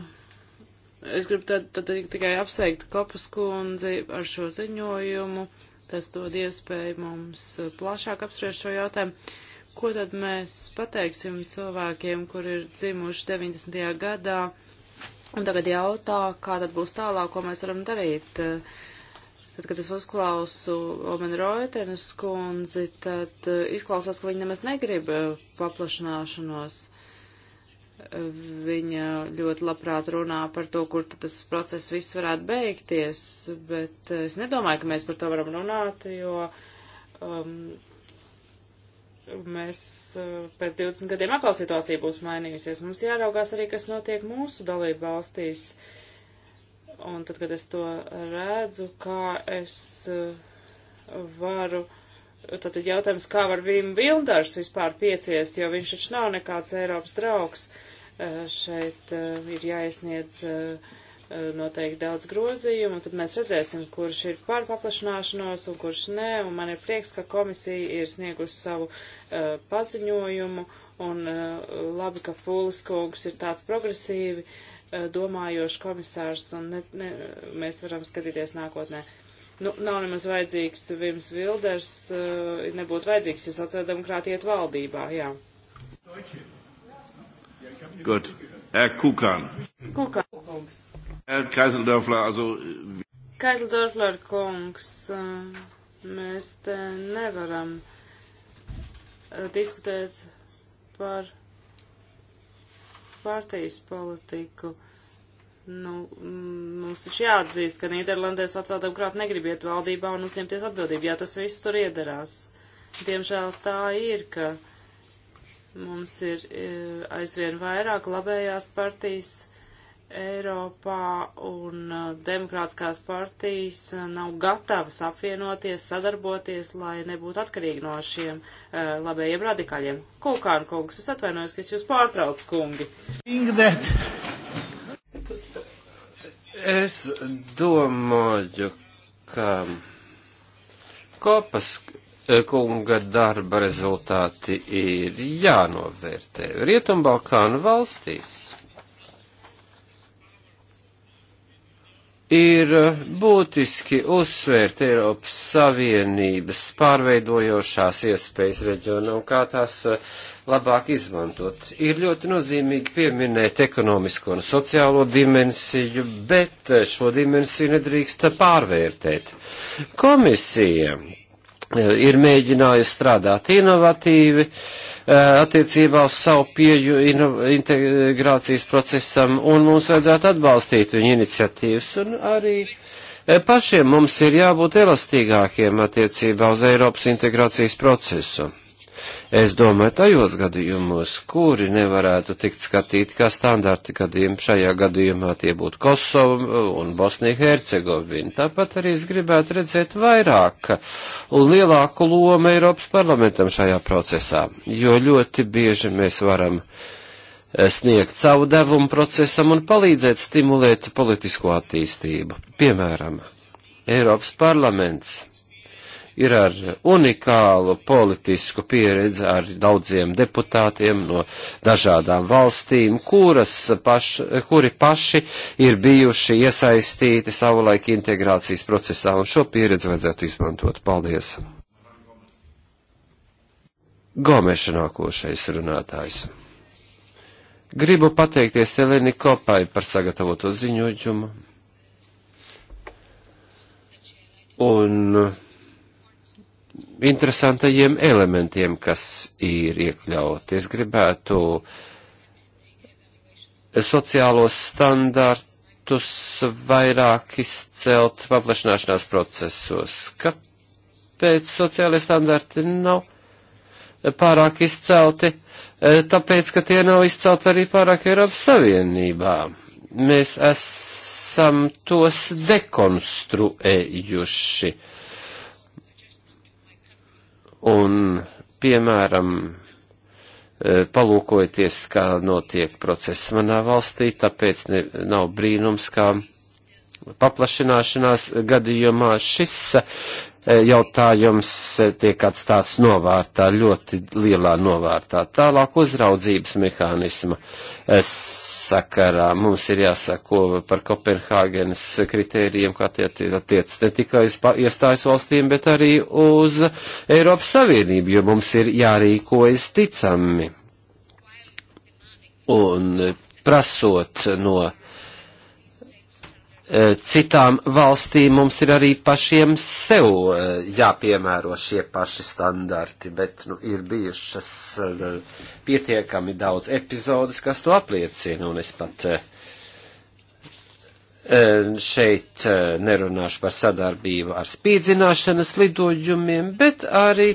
Es gribu tad, tad tikai apsveikt Kopas kundzi ar šo ziņojumu. Tas dod iespēju mums plašāk apspriest šo jautājumu. Ko tad mēs pateiksim cilvēkiem, kur ir dzimuši 90. gadā un tagad jautā, kā tad būs tālāk, ko mēs varam darīt? Uh, Bet, kad es uzklausu Omen Roitenes kundzi, tad eh, izklausās, ka viņa nemaz negrib eh, paplašanāšanos. Viņa ļoti labprāt runā par to, kur tas process viss varētu beigties, bet eh, es nedomāju, ka mēs par to varam runāt, jo um, mēs pēc 20 gadiem atkal situācija būs mainījusies. Mums jāraugās arī, kas notiek mūsu dalību valstīs. Uh, Un tad, kad es to redzu, kā es uh, varu, tad ir jautājums, kā var Vīm Vildars vispār pieciest, jo viņš taču nav nekāds Eiropas draugs. Uh, šeit uh, ir jāiesniedz noteikti daudz grozījumu, un tad mēs redzēsim, kurš ir par paplašanāšanos un kurš nē, un man ir prieks, ka komisija ir sniegusi savu uh, paziņojumu, un uh, labi, ka Fūlis kungs ir tāds progresīvi uh, Eh, domājošs komisārs, un ne, ne, mēs varam skatīties nākotnē. Nu, nav nemaz vajadzīgs Vims Vilders, eh, nebūtu vajadzīgs, ja sociāldemokrāti iet valdībā, jā. Gut. Herr Kukan. Kukan. Herr Kreiseldörfler, also... Kreiseldörfler kungs, eh, mēs te nevaram diskutēt par partijas politiku. Nu, mums taču jāatzīst, ka Nīderlandē sociāldemokrāti negrib iet valdībā un uzņemties atbildību, ja tas viss tur iederās. Diemžēl tā ir, ka mums ir e, aizvien vairāk labējās partijas Eiropā un uh, demokrātiskās partijas uh, nav gatavas apvienoties, sadarboties, lai nebūtu atkarīgi no šiem uh, labējiem radikāļiem. Kulkāna kungs, es atvainojos, ka es jūs pārtraucu, kungi. Ingdēt. Es domāju, ka kopas eh, kunga darba rezultāti ir jānovērtē Rietumbalkānu valstīs ir eh, būtiski uzsvērt Eiropas Savienības pārveidojošās iespējas reģionā un kā tās eh, labāk izmantot. Ir ļoti nozīmīgi pieminēt ekonomisko un sociālo dimensiju, bet eh, šo dimensiju nedrīkst pārvērtēt. Komisija ir mēģinājusi strādāt inovatīvi eh, attiecībā uz savu pieju integrācijas procesam, un mums vajadzētu atbalstīt viņu iniciatīvas. Un arī eh, pašiem mums ir jābūt elastīgākiem attiecībā uz Eiropas integrācijas procesu. Es domāju, tajos gadījumos, kuri nevarētu tikt skatīti kā standarti gadījumi, šajā gadījumā tie būtu Kosova un Bosnija Hercegovina. Tāpat arī es gribētu redzēt vairāk un lielāku lomu Eiropas parlamentam šajā procesā, jo ļoti bieži mēs varam eh, sniegt savu devumu procesam un palīdzēt stimulēt politisko attīstību. Piemēram, Eiropas parlaments ir ar unikālu politisku pieredzi ar daudziem deputātiem no dažādām valstīm, kuras paš, kuri paši ir bijuši iesaistīti savulaik integrācijas procesā, un šo pieredzi vajadzētu izmantot. Paldies! Gomeša nākošais runātājs. Gribu pateikties Eleni Kopai par sagatavoto ziņojumu. Un uh, interesantajiem elementiem, kas ir iekļauti. Es gribētu sociālos standartus vairāk izcelt paplašināšanās procesos. Kāpēc sociālie standarti nav pārāk izcelti? E, tāpēc, ka tie nav izcelti arī pārāk Eiropas Savienībā mēs esam tos dekonstruējuši. Un, piemēram, e, palūkojieties, kā notiek process manā valstī, tāpēc ne, nav brīnums, kā paplašināšanās gadījumā šis e, E, jautājums e, tiek atstāts novārtā, ļoti lielā novārtā. Tālāk uzraudzības mehānisma e, sakarā mums ir jāsako par Kopenhāgenes kritērijiem, kā tie attiec ne tikai uz iestājas valstīm, bet arī uz Eiropas Savienību, jo mums ir jārīkojas ticami. Un prasot no Eh, citām valstīm mums ir arī pašiem sev eh, jāpiemēro šie paši standarti, bet nu, ir bijušas eh, pietiekami daudz epizodes, kas to apliecina, un es pat uh, Šeit eh, nerunāšu par sadarbību ar spīdzināšanas lidojumiem, bet arī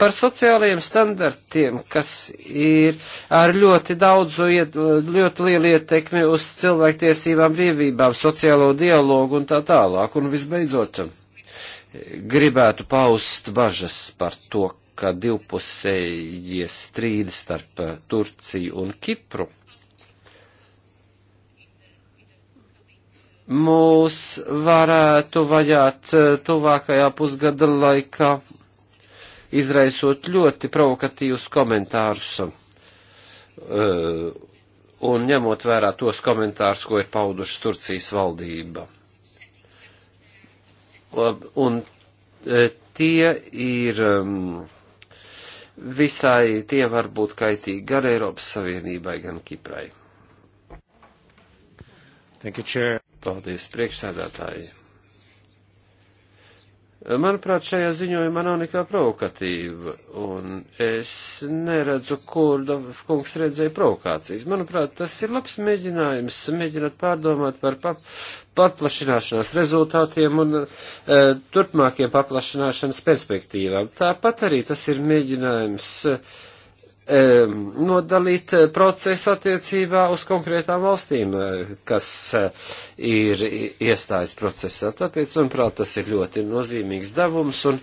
par sociālajiem standartiem, kas ir ar ļoti daudzu, iet, ļoti lielu ietekmi uz cilvēktiesībām, brīvībām, sociālo dialogu un tā tālāk. Un visbeidzot, gribētu paust bažas par to, ka divpusējie strīdi starp Turciju un Kipru mūs varētu vajāt eh, tuvākajā pusgada laikā, izraisot ļoti provokatīvus komentārus. Eh, un ņemot vērā tos komentārus, ko ir pauduši Turcijas valdība. Un eh, tie ir ehm, visai, tie var būt kaitīgi gan Eiropas Savienībai, gan Kiprai. Thank you, Chair. Paldies, priekšsēdētāji. Manuprāt, šajā ziņojumā nav nekā provokatīva, un es neredzu, kur kungs redzēja provokācijas. Manuprāt, tas ir labs mēģinājums, mēģinot pārdomāt par pap paplašināšanās rezultātiem un e, turpmākiem paplašināšanas perspektīvām. Tāpat arī tas ir mēģinājums. E, nodalīt eh, procesu attiecībā uz konkrētām valstīm, eh, kas eh, ir iestājas procesā. Tāpēc, manuprāt, tas ir ļoti nozīmīgs devums un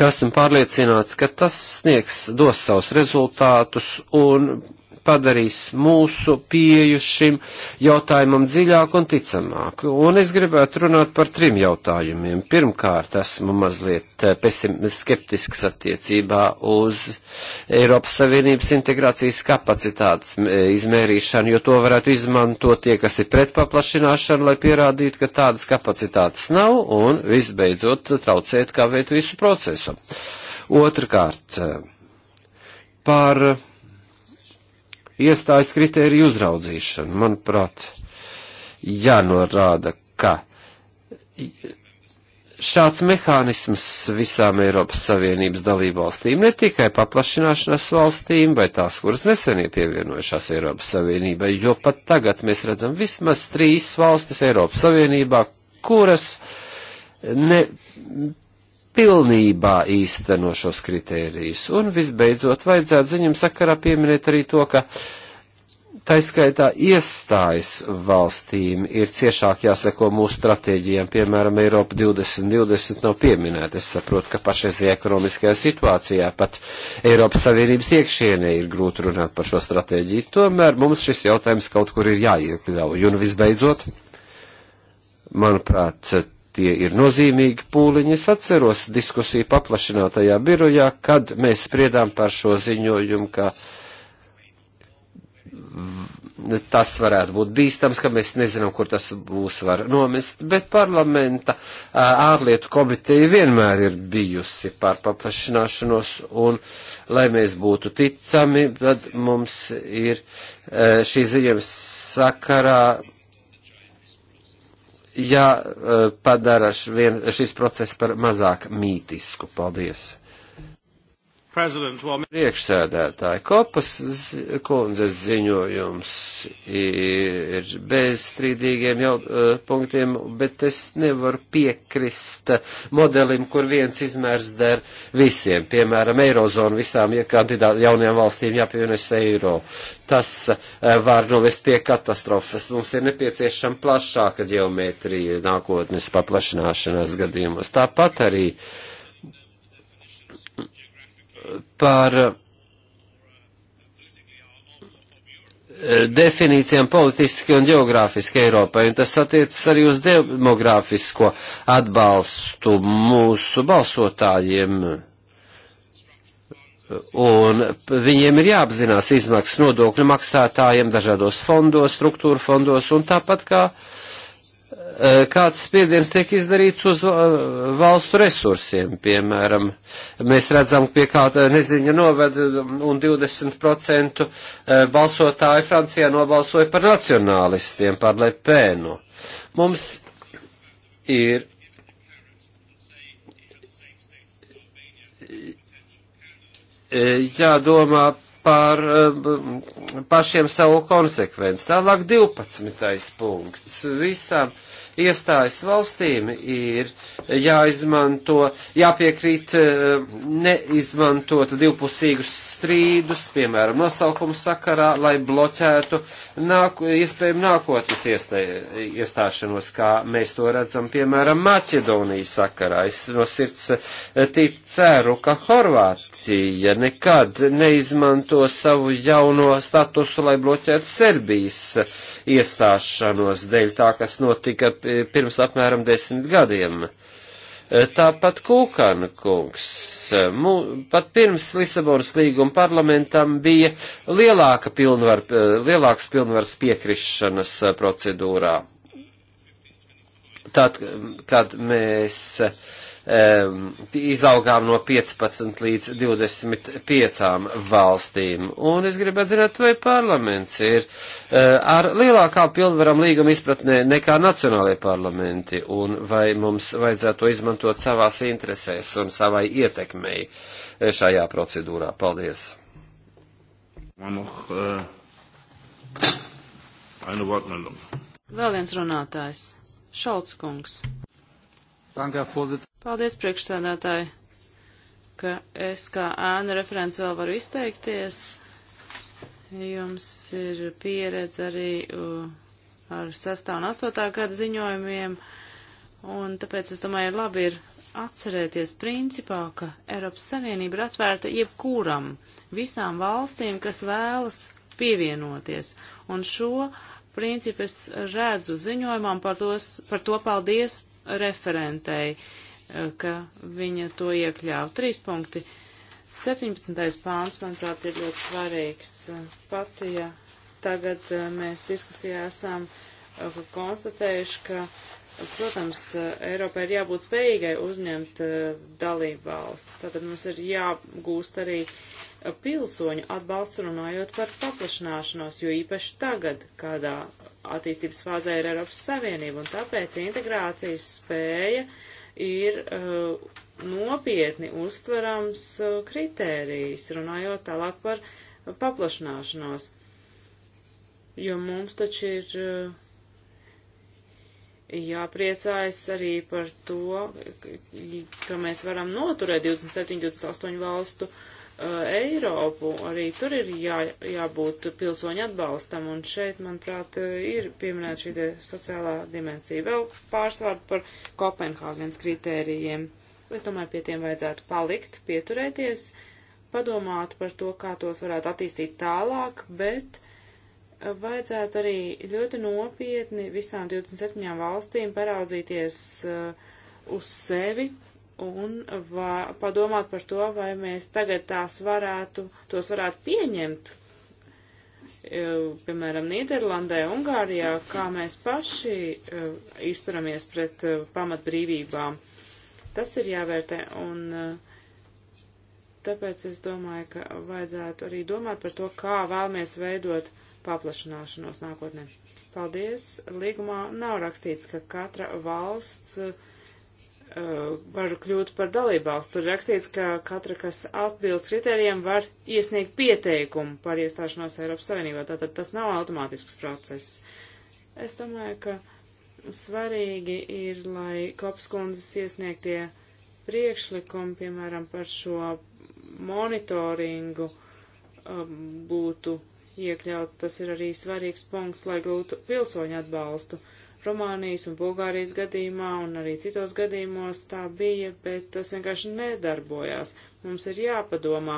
esmu pārliecināts, ka tas sniegs, dos savus rezultātus un padarīs mūsu pieju šim jautājumam dziļāku un ticamāku. Un es gribētu runāt par trim jautājumiem. Pirmkārt, esmu mazliet eh, skeptisks attiecībā uz Eiropas Savienības integrācijas kapacitātes eh, izmērīšanu, jo to varētu izmantot tie, kas ir pret paplašināšanu, lai pierādītu, ka tādas kapacitātes nav un visbeidzot traucēt kavēt visu procesu. Otrkārt, eh, par iestājas kritēriju uzraudzīšanu. Manuprāt, jānorāda, ka šāds mehānisms visām Eiropas Savienības dalībvalstīm, ne tikai paplašināšanās valstīm vai tās, kuras nesen ir pievienojušās Eiropas Savienībai, jo pat tagad mēs redzam vismaz trīs valstis Eiropas Savienībā, kuras ne pilnībā īsteno šos kritērijus. Un visbeidzot, vajadzētu ziņam sakarā pieminēt arī to, ka taiskaitā iestājas valstīm ir ciešāk jāseko mūsu stratēģijām, piemēram, Eiropa 2020 nav pieminēta. Es saprotu, ka pašreizajā ekonomiskajā situācijā pat Eiropas Savienības iekšienē ir grūti runāt par šo stratēģiju. Tomēr mums šis jautājums kaut kur ir jāiekļauj. Un visbeidzot, manuprāt, tie ir nozīmīgi pūliņi. Es atceros diskusiju paplašinātajā birojā, kad mēs spriedām par šo ziņojumu, ka tas varētu būt bīstams, ka mēs nezinām, kur tas būs var nomest, bet parlamenta ārlietu komiteja vienmēr ir bijusi par paplašināšanos, un lai mēs būtu ticami, tad mums ir šī ziņojuma sakarā jāpadara ja, eh, šis process par mazāk mītisku. Paldies! Priekšsēdētāji, kopas kundzes ziņojums ir bez strīdīgiem jau, uh, punktiem, bet es nevaru piekrist modelim, kur viens izmērs der visiem. Piemēram, Eirozonu visām ja jaunajām valstīm jāpievienojas eiro. Tas uh, var novest pie katastrofas. Mums ir nepieciešama plašāka ģeometrija nākotnes paplašināšanās gadījumos. Tāpat arī. Uh, par eh, definīcijām politiski un geogrāfiski Eiropai, un tas attiecas arī uz demogrāfisko atbalstu mūsu balsotājiem. Un viņiem ir jāapzinās izmaksas nodokļu maksātājiem dažādos fondos, struktūra fondos, un tāpat kā uh, Eh, kāds spiediens tiek izdarīts uz valstu resursiem. Piemēram, mēs redzam, pie kāda neziņa noved um, un 20% eh, balsotāji Francijā nobalsoja par nacionālistiem, par Lepēnu. Mums ir jādomā par um, pašiem savu konsekvenci. Tālāk 12. punkts. Visām uh, iestājas valstīm ir jāizmanto, jāpiekrīt eh, neizmantot divpusīgus strīdus, piemēram, nosaukumu sakarā, lai bloķētu nāk, iespējami nākotnes iestā, iestāšanos, kā mēs to redzam, piemēram, Maķedonijas sakarā. Es no sirds eh, tic ceru, ka Horvātija nekad neizmanto savu jauno statusu, lai bloķētu Serbijas eh, iestāšanos dēļ tā, kas notika pirms apmēram desmit gadiem. Eh, tāpat Kūkana kungs, eh, mū, pat pirms Lisabonas līguma parlamentam bija lielāka pilnvar, eh, lielāks pilnvars piekrišanas procedūrā tad, kad mēs um, izaugām no 15 līdz 25 valstīm. Un es gribētu zināt, vai parlaments ir uh, ar lielākā pilnvaram līguma izpratnē nekā nacionālajie parlamenti, un vai mums vajadzētu to izmantot savās interesēs un savai ietekmei eh, šajā procedūrā. Paldies! Man noch äh, eine Wortmeldung. Vēl viens runātājs. Šalts kungs. Paldies, priekšsēdētāji, ka es kā ēna referents vēl varu izteikties. Jums ir pieredze arī uh, ar 6. un 8. gada ziņojumiem, un tāpēc es domāju, labi ir atcerēties principā, ka Eiropas Savienība ir atvērta jebkuram, visām valstīm, kas vēlas pievienoties, un šo principu es redzu ziņojumam, par, tos, par to paldies referentei, eh, ka viņa to iekļāva. Trīs punkti. 17. pāns, manuprāt, ir ļoti svarīgs. Pat, ja tagad eh, mēs diskusijā esam eh, konstatējuši, ka, protams, Eiropai ir jābūt spējīgai uzņemt dalību valstis. Tātad mums ir jāgūst arī uh, pilsoņu atbalstu runājot par paplašanāšanos, jo īpaši tagad, kādā attīstības fāzē ir Eiropas Savienība, un tāpēc integrācijas spēja ir uh, nopietni uztverams uh, kritērijs, runājot tālāk par paplašanāšanos. Jo mums taču ir uh, jāpriecājas arī par to, ka mēs varam noturēt 27, 28 valstu Uh, Eiropu, arī tur ir jā, jābūt pilsoņu atbalstam, un šeit, manuprāt, uh, ir pieminēta šī sociālā dimensija. Vēl pārsvārdu par Kopenhāgenes kritērijiem. Es domāju, pie tiem vajadzētu palikt, pieturēties, padomāt par to, kā tos varētu attīstīt tālāk, bet uh, vajadzētu arī ļoti nopietni visām 27 valstīm paraudzīties uh, uz sevi un va, padomāt par to, vai mēs tagad tās varētu, tos varētu pieņemt, e, piemēram, Nīderlandē, Ungārijā, kā mēs paši e, izturamies pret e, pamatbrīvībām. Tas ir jāvērtē, un tāpēc es domāju, ka vajadzētu arī domāt par to, kā vēlamies veidot paplašanāšanos nākotnē. Paldies! Līgumā nav rakstīts, ka katra valsts uh, Uh, var kļūt par dalībvalstu. Tur rakstīts, ka katra, kas atbilst kritērijiem, var iesniegt pieteikumu par iestāšanos Eiropas Savienībā. Tātad tas nav automātisks process. Es domāju, ka svarīgi ir, lai kopskundzes iesniegtie priekšlikumi, piemēram, par šo monitoringu um, būtu iekļauts. Tas ir arī svarīgs punkts, lai gūtu pilsoņu atbalstu. Uh, Rumānijas un Bulgārijas gadījumā un arī citos gadījumos tā bija, bet tas vienkārši nedarbojās. Mums ir jāpadomā,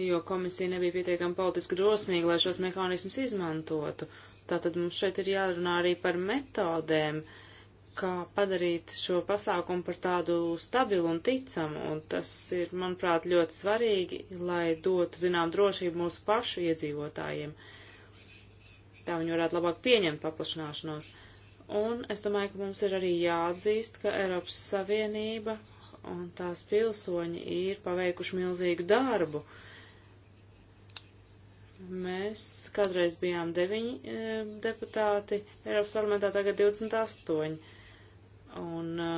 jo komisija nebija pietiekami politiski drosmīga, lai šos mehānismus izmantotu. Tātad mums šeit ir jārunā arī par metodēm, kā padarīt šo pasākumu par tādu stabilu un ticamu, un tas ir, manuprāt, ļoti svarīgi, lai dotu, zinām, drošību mūsu pašu iedzīvotājiem. Uh, Tā viņi varētu labāk pieņemt paplašināšanos. Un es domāju, ka mums ir arī jāatzīst, ka Eiropas Savienība un tās pilsoņi ir paveikuši milzīgu darbu. Mēs kādreiz bijām deviņi e, deputāti Eiropas parlamentā, tagad 28. Un e,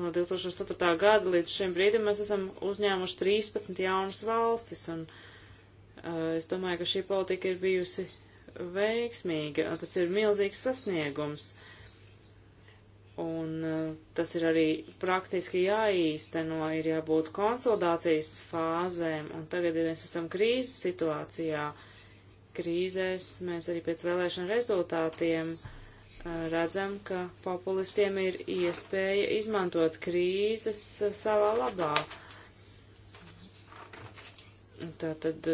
no 2004. gada līdz šim brīdim mēs esam uzņēmuši 13 jaunas valstis. Un e, es domāju, ka šī politika ir bijusi veiksmīga, un tas ir milzīgs sasniegums. Un uh, tas ir arī praktiski jāīsteno, ir jābūt konsultācijas fāzēm, un tagad ja mēs esam krīzes situācijā. Krīzēs mēs arī pēc vēlēšana rezultātiem uh, redzam, ka populistiem ir iespēja izmantot krīzes uh, savā labā. Uh, Tā tad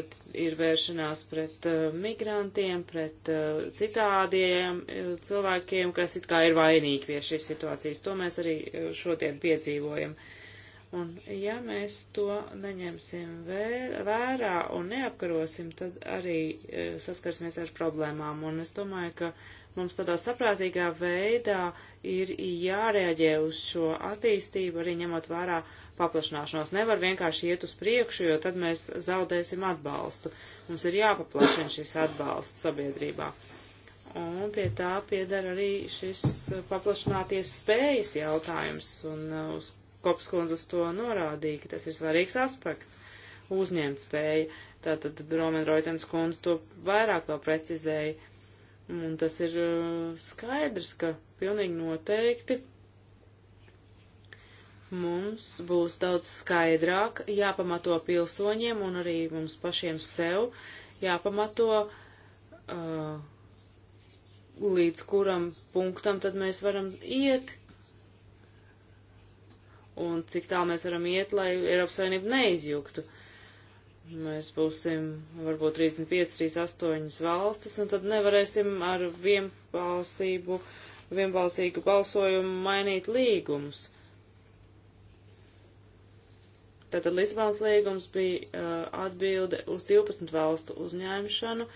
ir vēršanās pret uh, migrantiem, pret uh, citādiem uh, cilvēkiem, kas it kā ir vainīgi pie šīs situācijas. To mēs arī uh, šodien piedzīvojam. Un ja mēs to neņemsim vēr, vērā un neapkarosim, tad arī uh, saskarsimies ar problēmām. Un es domāju, ka mums tādā saprātīgā veidā ir jārēģē uz šo attīstību, arī ņemot vērā uh, paplašināšanos. Nevar vienkārši iet uz priekšu, jo tad mēs zaudēsim atbalstu. Mums ir jāpaplašina šis atbalsts sabiedrībā. Un pie tā piedara arī šis paplašināties spējas jautājums, un uh, uz Kopskundze uz to norādīja, ka tas ir svarīgs aspekts - uzņemt spēju. Tātad Roman Roitens kundze to vairāk vēl precizēja. Un tas ir uh, skaidrs, ka pilnīgi noteikti mums būs daudz skaidrāk jāpamato pilsoņiem un arī mums pašiem sev jāpamato, uh, līdz kuram punktam tad mēs varam iet un cik tālu mēs varam iet, lai Eiropas Savienība neizjuktu. Mēs būsim varbūt 35, 38 valstis, un tad nevarēsim ar vienbalsību, vienbalsīgu balsojumu mainīt līgumus. Uh, Tātad Lisbons līgums bija uh, atbilde uz 12 valstu uzņēmšanu,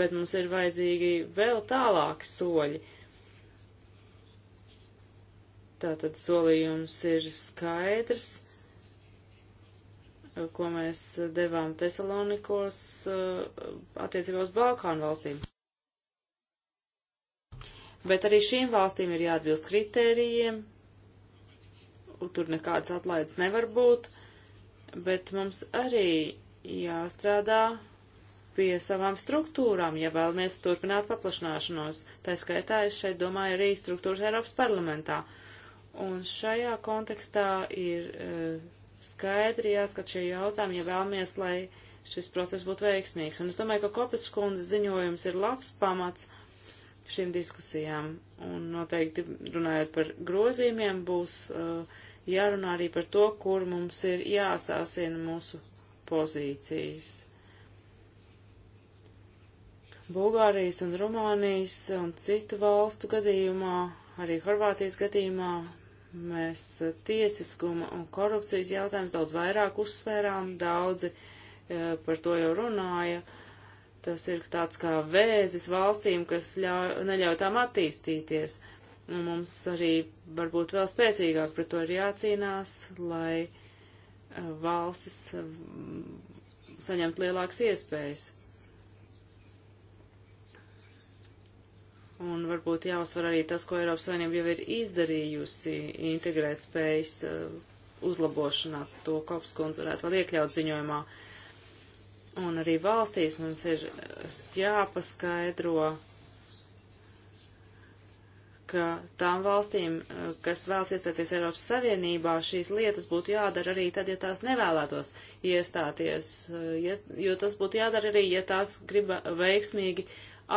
bet mums ir vajadzīgi vēl tālāki soļi. Tātad solījums ir skaidrs, uh, ko mēs devām Tesalonikos uh, attiecībā uz Balkānu valstīm. Bet arī šīm valstīm ir jāatbilst kritērijiem, tur nekādas atlaides nevar būt. Uh, bet mums arī jāstrādā pie savām struktūrām, ja vēlamies turpināt paplašanāšanos. Tā skaitā es šeit domāju arī struktūras Eiropas parlamentā. Un šajā kontekstā ir uh, skaidri jāskat šie jautājumi, ja vēlamies, lai šis process būtu veiksmīgs. Un es domāju, ka Kopas kundzes ziņojums ir labs pamats šīm diskusijām. Un noteikti runājot par grozījumiem, būs uh, jārunā arī par to, kur mums ir jāsāsina mūsu pozīcijas. Bulgārijas un Rumānijas un citu valstu gadījumā, arī Horvātijas gadījumā, mēs tiesiskuma un korupcijas jautājums daudz vairāk uzsvērām, daudzi e, par to jau runāja. Tas ir tāds kā vēzis valstīm, kas ļauj, neļauj tām attīstīties. Uh, Mums arī varbūt vēl spēcīgāk pret to ir jācīnās, lai eh, valstis eh, saņemt lielākas iespējas. Un varbūt jāuzsver arī tas, ko Eiropas Savienība jau ir izdarījusi integrēt spējas eh, uzlabošanā, to Kopskundze varētu vēl iekļaut ziņojumā. Un arī valstīs mums ir jāpaskaidro, ka tām valstīm, eh, kas vēlas iestāties Eiropas Savienībā, šīs lietas būtu jādara arī tad, ja tās nevēlētos iestāties, eh, ja, jo tas būtu jādara arī, ja tās grib veiksmīgi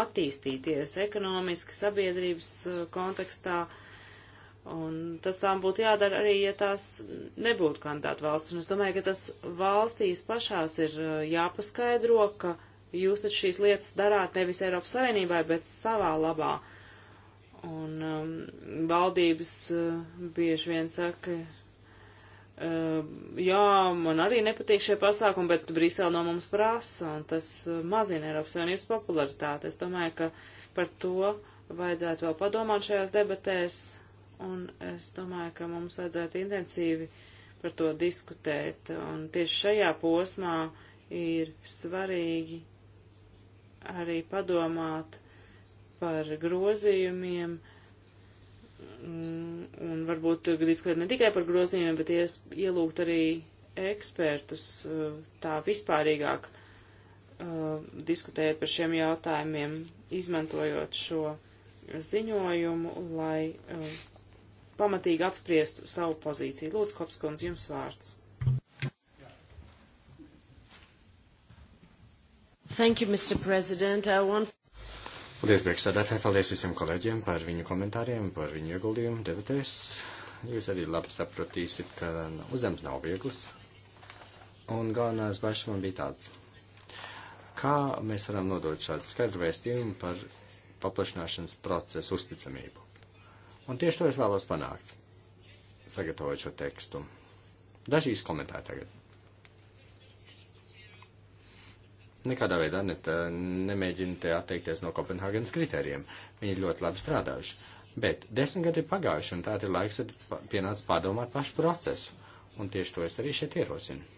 attīstīties ekonomiski, sabiedrības eh, kontekstā, un tas tām būtu jādara arī, ja tās nebūtu kandidātu valsts. Un es domāju, ka tas valstīs pašās ir jāpaskaidro, ka jūs taču šīs lietas darāt nevis Eiropas Savienībai, bet savā labā. Uh, Un um, valdības uh, bieži vien saka, uh, jā, man arī nepatīk šie pasākumi, bet Brisele no mums prasa, un tas uh, mazina Eiropas Savienības popularitāti. Es domāju, ka par to vajadzētu vēl padomāt šajās debatēs, un es domāju, ka mums vajadzētu intensīvi par to diskutēt. Un tieši šajā posmā ir svarīgi arī padomāt par grozījumiem. Un varbūt diskutēt ne tikai par grozījumiem, bet ies, ielūgt arī ekspertus uh, tā vispārīgāk uh, diskutēt par šiem jautājumiem, izmantojot šo ziņojumu, lai uh, pamatīgi apspriestu savu pozīciju. Lūdzu, Kopskundz, jums vārds. Thank you, Mr. President. I want Paldies, priekšsēdētāji, paldies visiem kolēģiem par viņu komentāriem, par viņu ieguldījumu debatēs. Jūs arī labi sapratīsiet, ka uzdevums nav viegls. Un galvenās bažas man bija tāds. Kā mēs varam nodot šādu skaidru vēstījumu par paplašināšanas procesu uzticamību? Un tieši to es vēlos panākt, sagatavojot šo tekstu. Dažīs komentāri tagad. nekādā veidā net, nemēģina te atteikties no Kopenhāgenes kritērijiem. Viņi ir ļoti labi strādājuši. Bet desmit gadi ir pagājuši, un tātad laiks ir pienācis pārdomāt pašu procesu. Un tieši to es arī šeit ierosinu.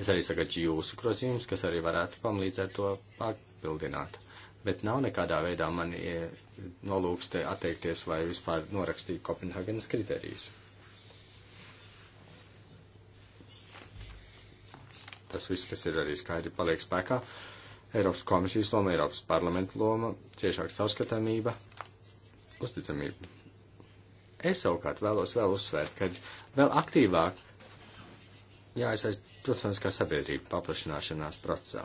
Es arī sagaidu jūsu grozījumus, kas arī varētu pamlīdzēt to papildināt. Bet nav nekādā veidā man e, nolūks te atteikties vai vispār norakstīt Kopenhāgenes kritērijus. Tas viss, kas ir arī skaidri paliek spēkā. Eiropas komisijas loma, Eiropas parlamenta loma, ciešāka savskatāmība, uzticamība. Es savukārt vēlos vēl uzsvērt, ka vēl aktīvāk jāiesaist pilsoniskā sabiedrība paplašināšanās procesā.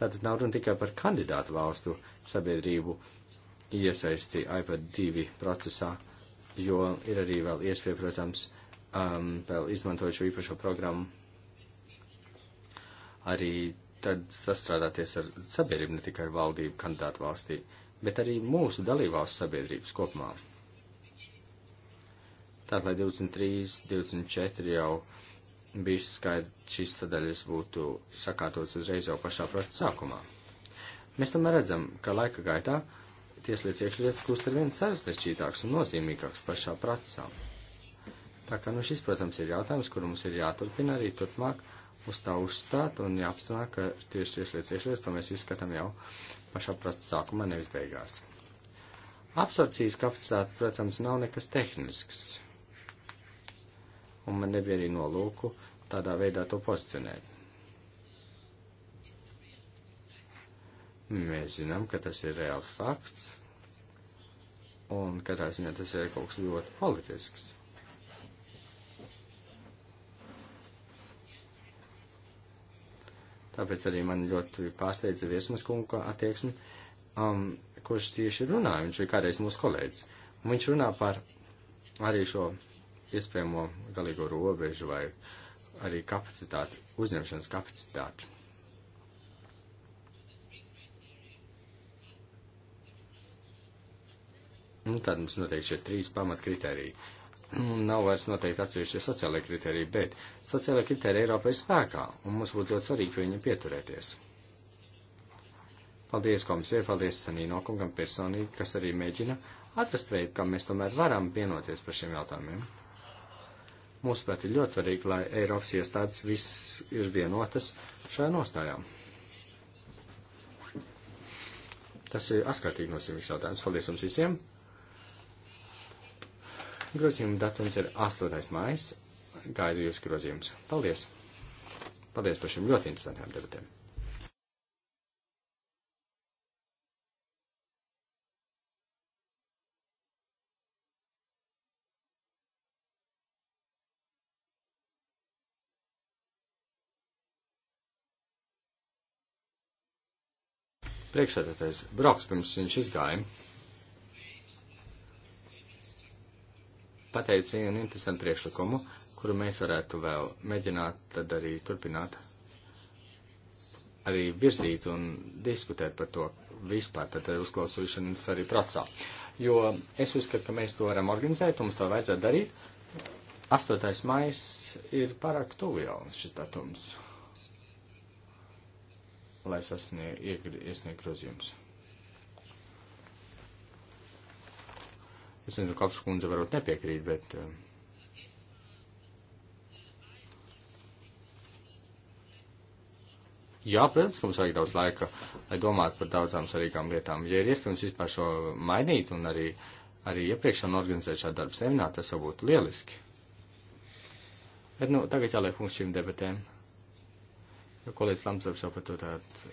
Tātad nav runa tikai par kandidātu valstu sabiedrību iesaisti iPad 2 procesā, jo ir arī vēl iespēja, protams, um, vēl izmantojot šo īpašo programmu arī tad sastrādāties ar sabiedrību, ne tikai ar valdību kandidātu valstī, bet arī mūsu dalībvalsts sabiedrības kopumā. Tātad, lai 23, 24 jau bija skaidrs, šīs sadaļas būtu sakārtotas uzreiz jau pašā procesa sākumā. Mēs tomēr redzam, ka laika gaitā tieslietu iekšlietas kļūst ar vien sarežģītāks un nozīmīgāks pašā procesā. Tā kā nu šis, protams, ir jautājums, kuru mums ir jāturpina arī turpmāk uz tā uzstāt un jāapsāk, ka tieši tieslietas iešlies, to mēs izskatām jau pašā procesa sākumā, nevis beigās. Absorpcijas kapacitāte, protams, nav nekas tehnisks. Un man nebija arī nolūku tādā veidā to pozicionēt. Mēs zinām, ka tas ir reāls fakts, un katrā ziņā tas ir kaut kas ļoti politisks. Tāpēc arī man ļoti pārsteidza Viesmas kunga attieksme, um, kurš tieši runāja, viņš ir kādreiz mūsu kolēģis. Un viņš runā par arī šo iespējamo galīgo robežu vai arī kapacitāti, uzņemšanas kapacitāti. Un nu, tad mums noteikti šie trīs pamatkritēriji Nu, nav vairs noteikti atsevišķi sociālai kriteriji, bet sociālai kriteriji Eiropā ir spēkā, un mums būtu ļoti svarīgi pie viņiem pieturēties. Paldies komisijai, paldies Sanīno kungam personīgi, kas arī mēģina atrast veidu, kā mēs tomēr varam vienoties par šiem jautājumiem. Mūsuprāt, ir ļoti svarīgi, lai Eiropas iestādes viss ir vienotas šajā nostājā. Tas ir atkārtīgi nozīmīgs jautājums. Paldies jums visiem! Grozījuma datums ir 8. mājas. Gaidu jūs grozījums. Paldies! Paldies par šiem ļoti interesantiem debatēm! priekšsēdētājs brauks pirms viņš izgāja. pateica vienu interesantu priekšlikumu, kuru mēs varētu vēl mēģināt tad arī turpināt, arī virzīt un diskutēt par to vispār, tad uzklausīšanas arī procesā. Jo es uzskatu, ka mēs to varam organizēt, mums to vajadzētu darīt. 8. maijs ir pārāk tuvu jau šis datums, lai sasniegtu iesniegt grozījumus. Es nezinu, kāds kundze varbūt nepiekrīt, bet. Eh, Jā, protams, ka mums vajag daudz laika, lai domātu par daudzām svarīgām lietām. Ja ir iespējams vispār šo mainīt un arī, arī iepriekš un organizēt šādu darbu semināru, tas jau būtu lieliski. Bet, nu, tagad jāliek mums šīm debatēm. Jo kolēģis Lamsdorfs jau par to tādu.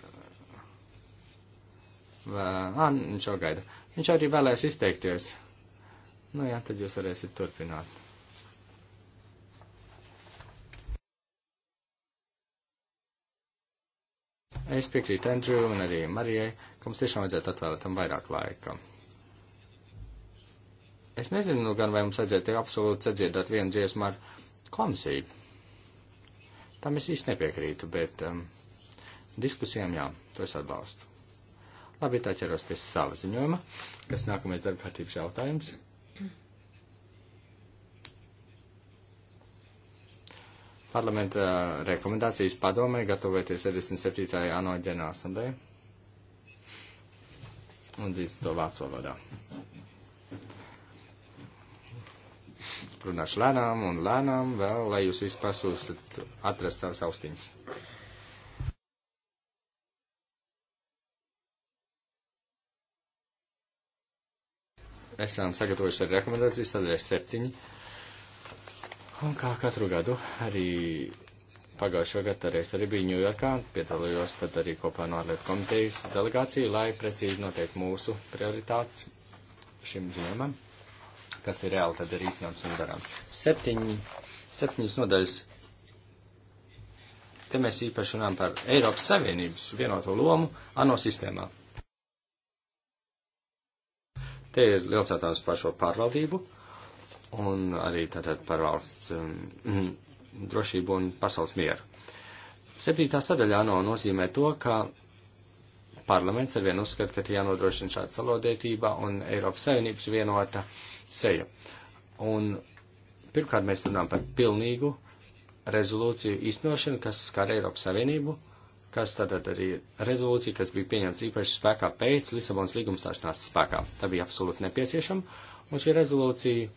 Eh, ā, viņš jau gaida. Viņš arī vēlēs izteikties. Nu jā, tad jūs varēsiet turpināt. Es piekrītu Andrew un arī Marijai, ka mums tiešām vajadzētu atvēlēt tam vairāk laika. Es nezinu, nu, gan vai mums vajadzētu absolūti sadziedāt vienu dziesmu ar komisiju. Tam es īsti nepiekrītu, bet um, diskusijām jā, to es atbalstu. Labi, tā ķeros pie sava ziņojuma, kas nākamais darbkārtības jautājums. parlamenta rekomendācijas padomē gatavoties 67. ANO ģenerāla asamblē. Un drīz to vācu valodā. Runāšu lēnām un lēnām vēl, lai jūs visi pasūstat atrast savas austiņas. Esam sagatavojuši rekomendācijas, tad ir septiņi. Un kā katru gadu arī pagājušo gadu arī, arī biju Ņujorkā, piedalījos tad arī kopā no ārlietu komitejas delegāciju, lai precīzi noteikti mūsu prioritātes šim ziņojumam, kas ir reāli tad arī izņemts un darāms. Septiņi, septiņas nodaļas. Te mēs īpaši runājam par Eiropas Savienības vienoto lomu ANO sistēmā. Te ir liels jautājums par šo pārvaldību un arī tātad par valsts um, [CLEARS THROAT] drošību un pasaules mieru. Septītā sadaļā no nozīmē to, ka parlaments ar vienu uzskatu, ka tie jānodrošina šāda salodētība un Eiropas Savienības vienota seja. Un pirmkārt mēs runājam par pilnīgu rezolūciju iznošanu, kas skar Eiropas Savienību, kas tātad arī rezolūcija, kas bija pieņemta īpaši spēkā pēc Lisabonas līguma stāšanās spēkā. Tā bija absolūti nepieciešama, un šī rezolūcija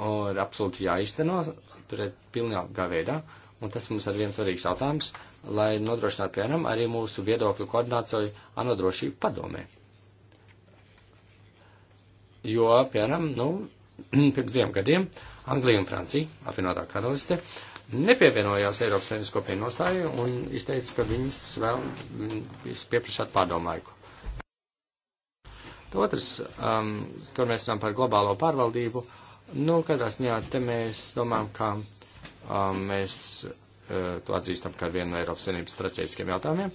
ir absolūti jāizteno pret pilnīgā veidā, un tas mums ir viens svarīgs jautājums, lai nodrošinātu, piemēram, arī mūsu viedokļu koordināciju ANO drošību padomē. Jo, piemēram, nu, [CLEARS THROAT] pirms diviem gadiem Anglija un Francija, apvienotā karaliste, nepievienojās Eiropas Savienības kopēju nostāju un izteica, ka viņas vēl pieprasāt pārdomlaiku. Otrs, um, tur mēs runājam par globālo pārvaldību Nu, kādā ziņā te mēs domājam, ka um, mēs uh, to atzīstam kā vienu no Eiropas Savienības strateģiskiem jautājumiem.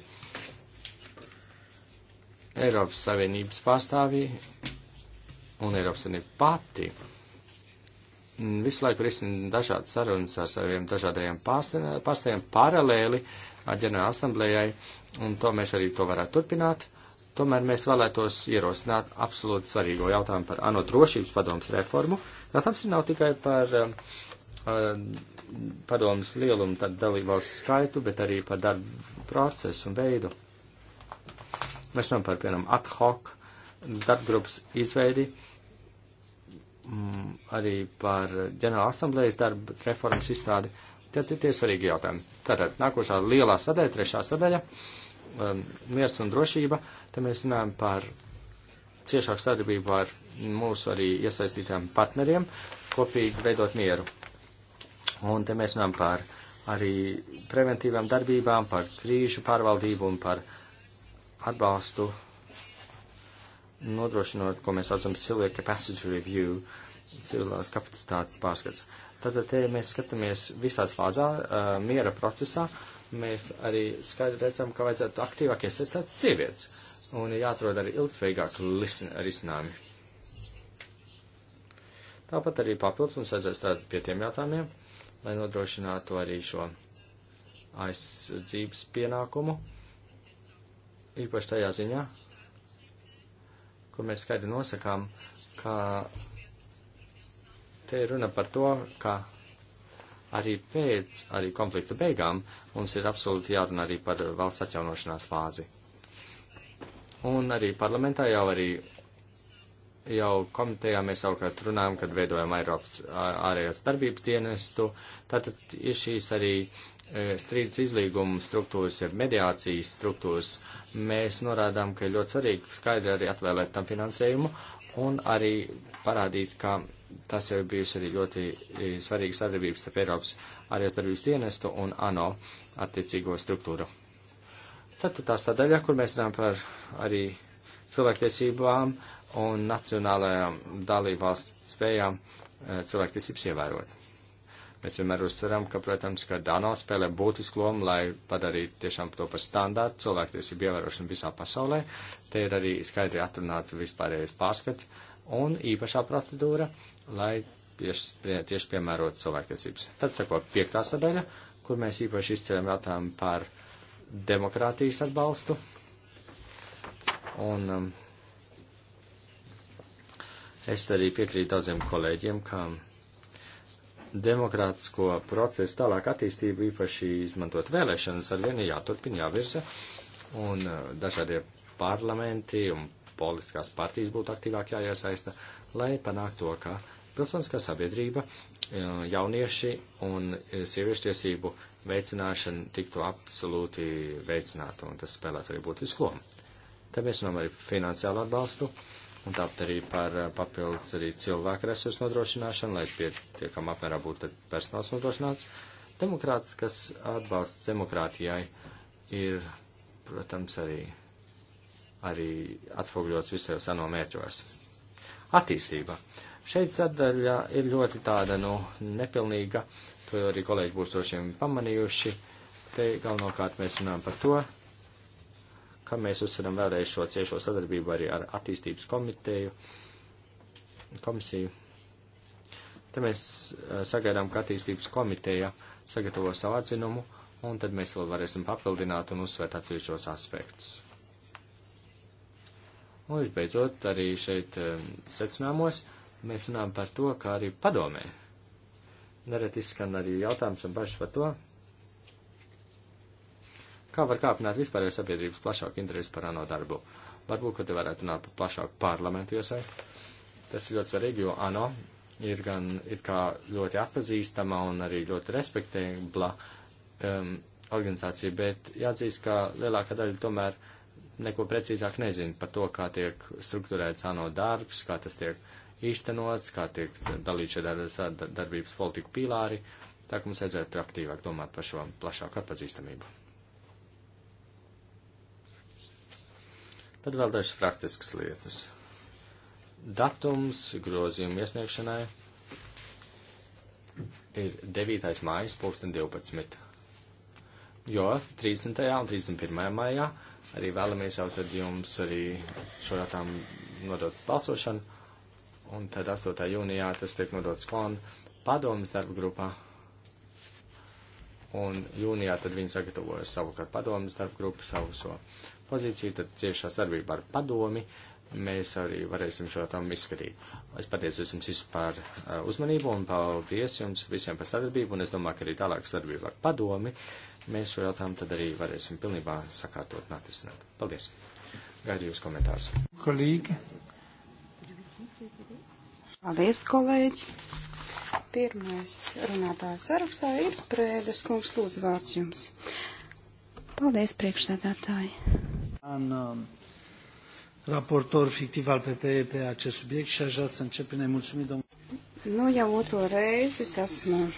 Eiropas Savienības pārstāvji un Eiropas Savienība pati visu laiku risina dažādas sarunas ar saviem dažādajiem pārstāvjiem paralēli ar ģenerāla asamblējai, un to mēs arī to varētu turpināt. Tomēr mēs vēlētos ierosināt absolūti svarīgo jautājumu par ANO drošības padomas reformu, uh, Protams, nav tikai par uh, padomas lielumu, tad dalībvalstu skaitu, bet arī par darbu procesu un veidu. Mēs runājam par, piemēram, ad hoc darbgrupas izveidi, m, mm, arī par ģenerāla asamblējas darbu reformas izstrādi. Tad ir tie svarīgi jautājumi. Tātad nākošā lielā sadaļa, trešā sadaļa, um, miers un drošība, te mēs runājam par ciešāku sadarbību ar mūsu arī iesaistītām partneriem kopīgi veidot mieru. Un te mēs runājam par arī preventīvām darbībām, par krīžu pārvaldību un par atbalstu nodrošinot, ko mēs saucam Silver Capacity Review, civilās kapacitātes pārskats. Tātad te mēs skatāmies visās fāzā, uh, miera procesā, mēs arī skaidri redzam, ka vajadzētu aktīvāk iesaistīt sievietes un jāatrod arī ilgspējīgāk risinājumi. Tāpat arī papildus mums vajadzēs strādāt pie tiem jautājumiem, lai nodrošinātu arī šo aizsardzības pienākumu, īpaši tajā ziņā, kur mēs skaidri nosakām, ka te ir runa par to, ka arī pēc arī konflikta beigām mums ir absolūti jārunā arī par valsts atjaunošanās fāzi. Un arī parlamentā jau arī jau komitejā mēs savukārt runājam, kad veidojam Eiropas ārējās darbības dienestu, tātad ir šīs arī strīdus izlīgumu struktūras, ja mediācijas struktūras, mēs norādām, ka ir ļoti svarīgi skaidri arī atvēlēt tam finansējumu un arī parādīt, ka tas jau bijusi arī ļoti svarīga sadarbības starp Eiropas ārējās darbības dienestu un ANO attiecīgo struktūru. Tad tā sadaļa, kur mēs runājam par arī cilvēktiesībām, uh, un nacionālajām dalībvalsts spējām eh, cilvēktiesības ievērot. Mēs vienmēr uzsveram, ka, protams, ka Dano spēlē būtisku lomu, lai padarītu tiešām to par standārtu cilvēktiesību ievērošanu visā pasaulē. Te ir arī skaidri atrunāta vispārējais pārskats un īpašā procedūra, lai tieši, tieši piemērot cilvēktiesības. Tad sako piektā sadaļa, kur mēs īpaši izcēlām jautājumu par demokrātijas atbalstu. Un um, Es arī piekrītu daudziem kolēģiem, ka demokrātisko procesu tālāk attīstību, īpaši izmantot vēlēšanas, ar vienu jāturpina jāvirza, un uh, dažādie parlamenti un politiskās partijas būtu aktīvāk jāiesaista, lai panāktu to, ka pilsoniskā sabiedrība, uh, jaunieši un uh, sieviešu tiesību veicināšana tiktu absolūti veicināta, un tas spēlētu arī būtisku lomu. Tad mēs runājam arī finansiālu atbalstu. Uh, un tāpat arī par eh, papildus arī cilvēku resursu nodrošināšanu, lai pietiekam apmērā būtu personāls nodrošināts. Demokrāts, kas atbalsts demokrātijai, ir, protams, arī, arī atspoguļots visos ANO mērķos. Attīstība. Šeit sadaļa ir ļoti tāda, nu, nepilnīga, to arī kolēģi būs droši vien pamanījuši. Te galvenokārt mēs runājam par to, ka mēs uzsveram vēlreiz šo ciešo sadarbību arī ar attīstības komiteju, komisiju. Te mēs eh, sagaidām, ka attīstības komiteja sagatavo savu atzinumu, un tad mēs vēl varēsim papildināt un uzsvērt atsevišķos aspektus. Un visbeidzot, arī šeit eh, secinājumos mēs runājam par to, kā arī padomē. Nereti izskan arī jautājums un bažas par to, Kā var kāpināt vispārējo sabiedrības plašāku interesi par ANO darbu? Varbūt, ka te varētu runāt par plašāku parlamentu iesaist. Tas ir ļoti svarīgi, jo ANO ir gan it kā ļoti atpazīstama un arī ļoti respektēbla um, organizācija, bet jāatzīst, ka lielākā daļa tomēr neko precīzāk nezina par to, kā tiek strukturēts ANO darbs, kā tas tiek īstenots, kā tiek dalīt šie dar, darbības politika pīlāri. Tā kā mums vajadzētu aktīvāk domāt par šo plašāku atpazīstamību. Tad vēl dažas praktiskas lietas. Datums grozījumu iesniegšanai ir 9. mājas, 2012. Jo 30. un 31. maijā arī vēlamies jau tad jums arī šo datām nodot balsošanu, un tad 8. jūnijā tas tiek nodots kon padomas darba grupā un jūnijā tad viņi sagatavoja savukārt padomas starp grupu savu so pozīciju, tad ciešā sadarbībā ar padomi mēs arī varēsim šo tam izskatīt. Es pateicu jums visu par uh, uzmanību un paldies jums visiem par sadarbību, un es domāju, ka arī tālāk sadarbība ar padomi mēs šo jautājumu tad arī varēsim pilnībā sakārtot un atrisināt. Paldies! Gaidu jūs komentārus. Kolīgi. Paldies, kolēģi! Pirmais runātājs sarakstā ir Prēdas kungs, lūdzu vārds jums. Paldies, priekšsēdētāji! An, um, raportor fictiv al PPE pe acest subiect și aș vrea să încep prin a-i mulțumi domnului. Nu jau e otro reizi es esmu uh,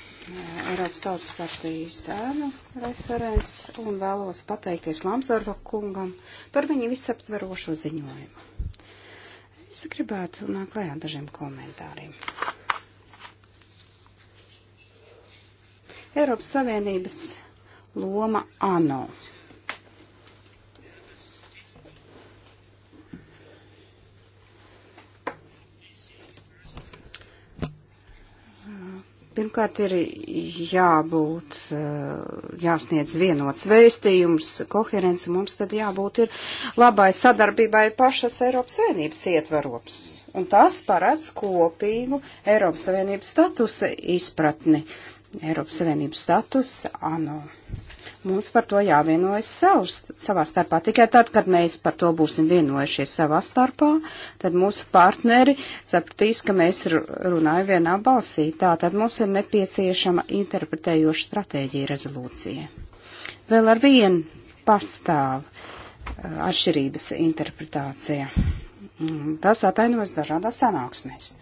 Eiropas Tautas partijas ēnu referents un vēlos pateikties Lamsdorfa kungam par viņa visaptverošo ziņojumu. Es gribētu nāk klējā dažiem komentāriem. Eiropas Savienības loma ANO. Pirmkārt, ir jābūt, eh, jāsniedz vienots vēstījums, koherence, mums tad jābūt ir labai sadarbībai pašas Eiropas Savienības ietvarops. Un tas parāds kopīgu Eiropas Savienības statusa izpratni. Eiropas Savienības status ANO Mums par to jāvienojas savs, savā starpā. Tikai tad, kad mēs par to būsim vienojušies savā starpā, tad mūsu partneri sapratīs, ka mēs runājam vienā balsī. Tā tad mums ir nepieciešama interpretējoša stratēģija rezolūcija. Vēl ar vienu pastāv uh, atšķirības interpretācija. Mm, tas atainojas dažādās sanāksmēs.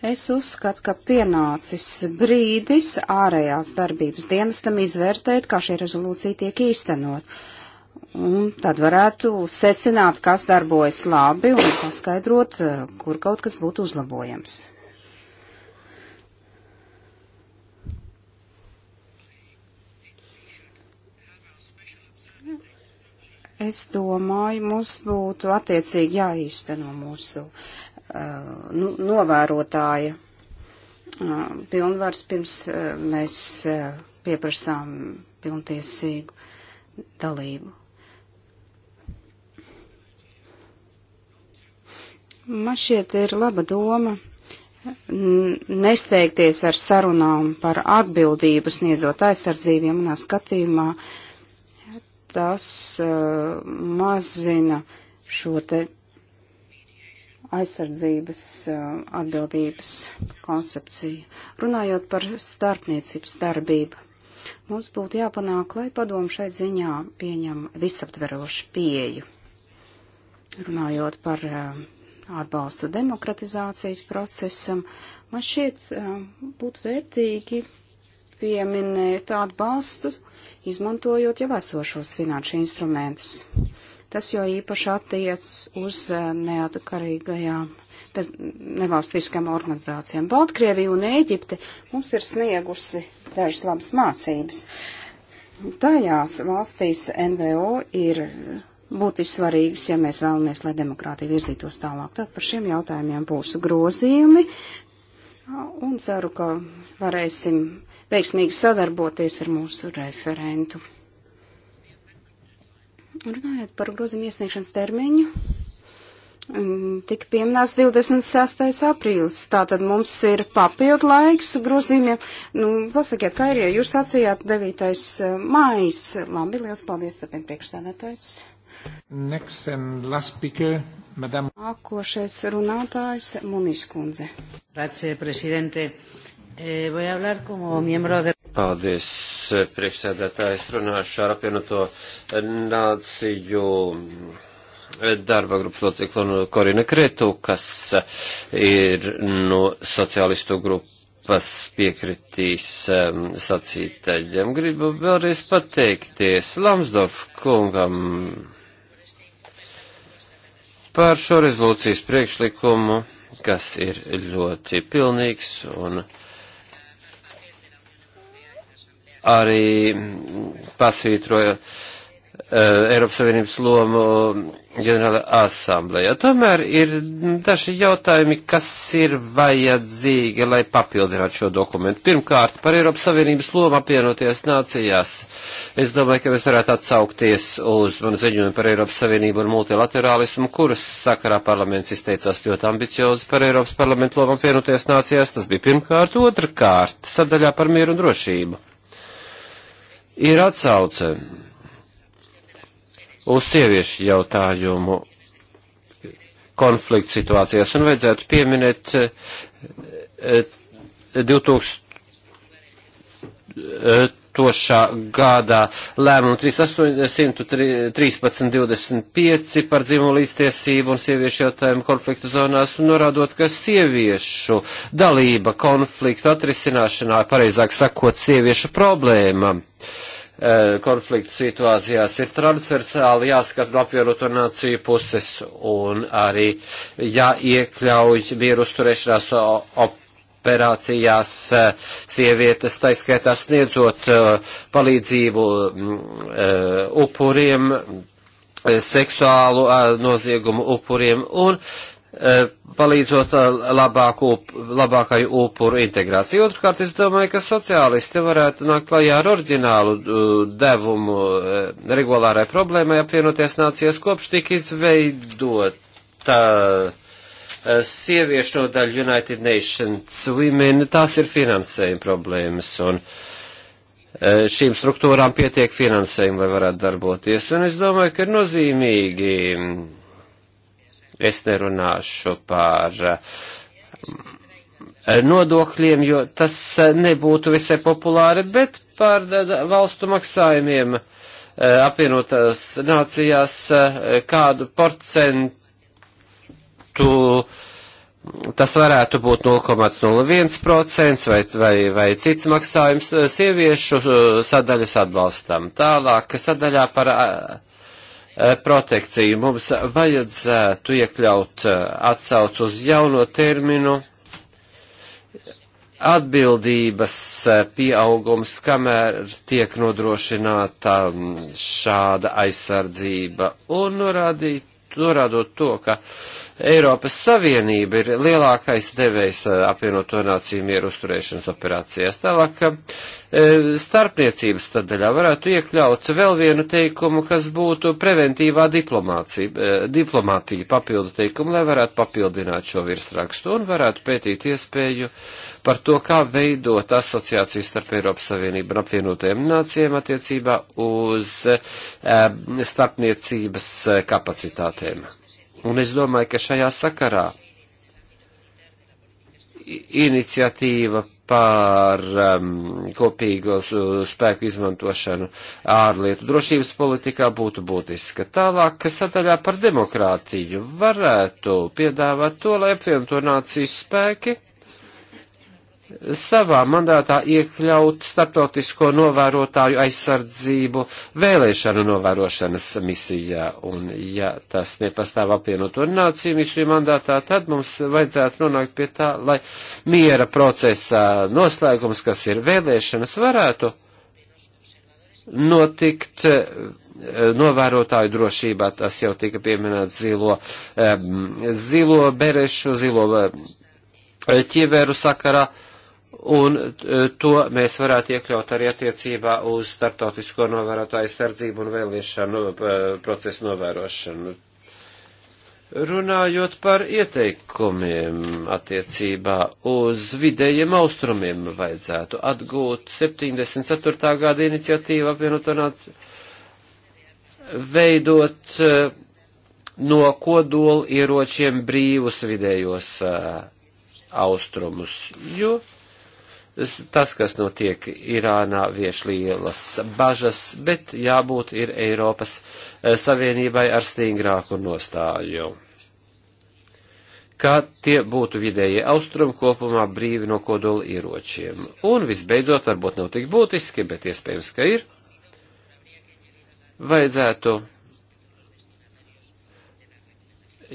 Es uzskatu, ka pienācis brīdis ārējās darbības dienestam izvērtēt, kā šī rezolūcija tiek īstenot. Un tad varētu secināt, kas darbojas labi un paskaidrot, eh, kur kaut kas būtu uzlabojams. Es domāju, mums būtu attiecīgi jāīsteno mūsu Uh, nu, novērotāja uh, pilnvars pirms uh, mēs pieprasām pilntiesīgu dalību. Man šķiet ir laba doma nesteigties ar sarunām par atbildību sniedzot aizsardzību, ja manā skatījumā tas uh, mazina šo te aizsardzības atbildības koncepciju. Runājot par starpniecības darbību, mums būtu jāpanāk, lai padomu šai ziņā pieņem visaptverošu pieju. Runājot par atbalstu demokratizācijas procesam, man šķiet būtu vērtīgi pieminēt atbalstu, izmantojot jau esošos finanšu instrumentus. Tas jau īpaši attiec uz eh, neatkarīgajām bez nevalstiskām organizācijām. Baltkrievija un Ēģipte mums ir sniegusi dažas labas mācības. Tajās valstīs NVO ir būtiski svarīgas, ja mēs vēlamies, lai demokrātija virzītos tālāk. Tad par šiem jautājumiem būs grozījumi un ceru, ka varēsim veiksmīgi sadarboties ar mūsu referentu. Runājot par grozījumu iesniegšanas termiņu, mm, tika pieminēts 26. aprīlis. Tātad mums ir papildu laiks grozījumiem. Nu, pasakiet, kā ir, ja jūs sacījāt 9. Eh, mājas. Labi, liels paldies, tāpēc priekšsēdētājs. Next and last speaker, madam. Nākošais runātājs Munis Kunze. Grazie, prezidente. Eh, voy a hablar como miembro de... Paldies, priekšsēdētājs. Runāšu ar apvienoto nāciju darba grupas locekli Korina Kretu, kas ir no sociālistu grupas piekritīs um, sacītaļiem. Gribu vēlreiz pateikties Lamsdorf kungam par šo rezolūcijas priekšlikumu, kas ir ļoti pilnīgs un. Uh, arī pasvītroja eh, Eiropas Savienības lomu ģenerāla asamblējā. Tomēr ir daži jautājumi, kas ir vajadzīgi, lai papildinātu šo dokumentu. Pirmkārt, par Eiropas Savienības lomu apvienoties nācijās. Es domāju, ka mēs varētu atsaukties uz manu ziņojumu par Eiropas Savienību un multilaterālismu, kuras sakarā parlaments izteicās ļoti ambiciozi par Eiropas parlamentu lomu apvienoties nācijās. Tas bija pirmkārt. Otrkārt, sadaļā par mieru un drošību ir atsauce uz sieviešu jautājumu konfliktu situācijās un vajadzētu pieminēt 2000 tošā gadā lēmumu 113.25 par dzimumu līdztiesību un sieviešu jautājumu konfliktu zonās un norādot, ka sieviešu dalība konfliktu atrisināšanā, pareizāk sakot, sieviešu problēma. Uh, Eh, konflikta situācijās ir transversāli jāskat no apvienoto nāciju puses un arī jāiekļauj mieru uzturēšanās operācijās eh, sievietes, taiskaitā sniedzot eh, palīdzību mm, upuriem, seksuālu noziegumu upuriem un Eh, palīdzot eh, labāku, labākai upuru integrācijai. Otrkārt, es domāju, ka sociālisti varētu nākt klajā ar orģinālu eh, devumu regulārai problēmai apvienoties nācijas kopš tika izveidota sieviešu nodaļa United Nations Women. Tās ir finansējuma problēmas. Un, uh, šīm struktūrām pietiek finansējumu, lai varētu darboties. Un es domāju, ka ir nozīmīgi mm, Es nerunāšu par eh, nodokļiem, jo tas eh, nebūtu visai populāri, bet par valstu maksājumiem eh, apvienotās nācijās kādu procentu tas varētu būt 0,01% vai, vai, vai cits maksājums sieviešu sadaļas atbalstam. Tālāk sadaļā par Eh, protekciju. Mums vajadzētu iekļaut eh, atsauc uz jauno terminu atbildības eh, pieaugums, kamēr tiek nodrošināta mm, šāda aizsardzība, un norādīt norādot to, ka Eiropas Savienība ir lielākais devējs eh, apvienoto nāciju mieru uzturēšanas operācijās. Tālāk, eh, starpniecības sadaļā varētu iekļaut vēl vienu teikumu, kas būtu preventīvā diplomācija, eh, diplomātija papildu teikumu, lai varētu papildināt šo virsrakstu un varētu pētīt iespēju par to, kā veidot asociāciju starp Eiropas Savienību un apvienotajiem nācijiem attiecībā uz eh, starpniecības eh, kapacitātēm. Un es domāju, ka šajā sakarā iniciatīva par um, kopīgo spēku izmantošanu ārlietu drošības politikā būtu būtiska. Tālāk, kas sadaļā par demokrātiju varētu piedāvāt to, lai apvienoto nāciju spēki savā mandātā iekļaut starptautisko novērotāju aizsardzību vēlēšanu novērošanas misijā. Un ja tas nepastāv apvienoto nāciju misiju mandātā, tad mums vajadzētu nonākt pie tā, lai miera procesa noslēgums, kas ir vēlēšanas, varētu notikt eh, novērotāju drošībā. Tas jau tika pieminēts zilo, eh, zilo berešu, zilo eh, ķiveru sakarā un e, to mēs varētu iekļaut arī attiecībā uz starptautisko novērotāju sardzību un vēlēšanu e, procesu novērošanu. Runājot par ieteikumiem attiecībā uz vidējiem austrumiem, vajadzētu atgūt 74. gada iniciatīvu apvienoto nāciju, veidot e, no kodola ieročiem brīvus vidējos austrumus, jo Tas, kas notiek Irānā, vieš lielas bažas, bet jābūt ir Eiropas eh, Savienībai ar stingrāku nostāju. Kā tie būtu vidējie austrumi kopumā brīvi no kodola ieročiem. Un visbeidzot, varbūt nav tik būtiski, bet iespējams, ka ir. Vajadzētu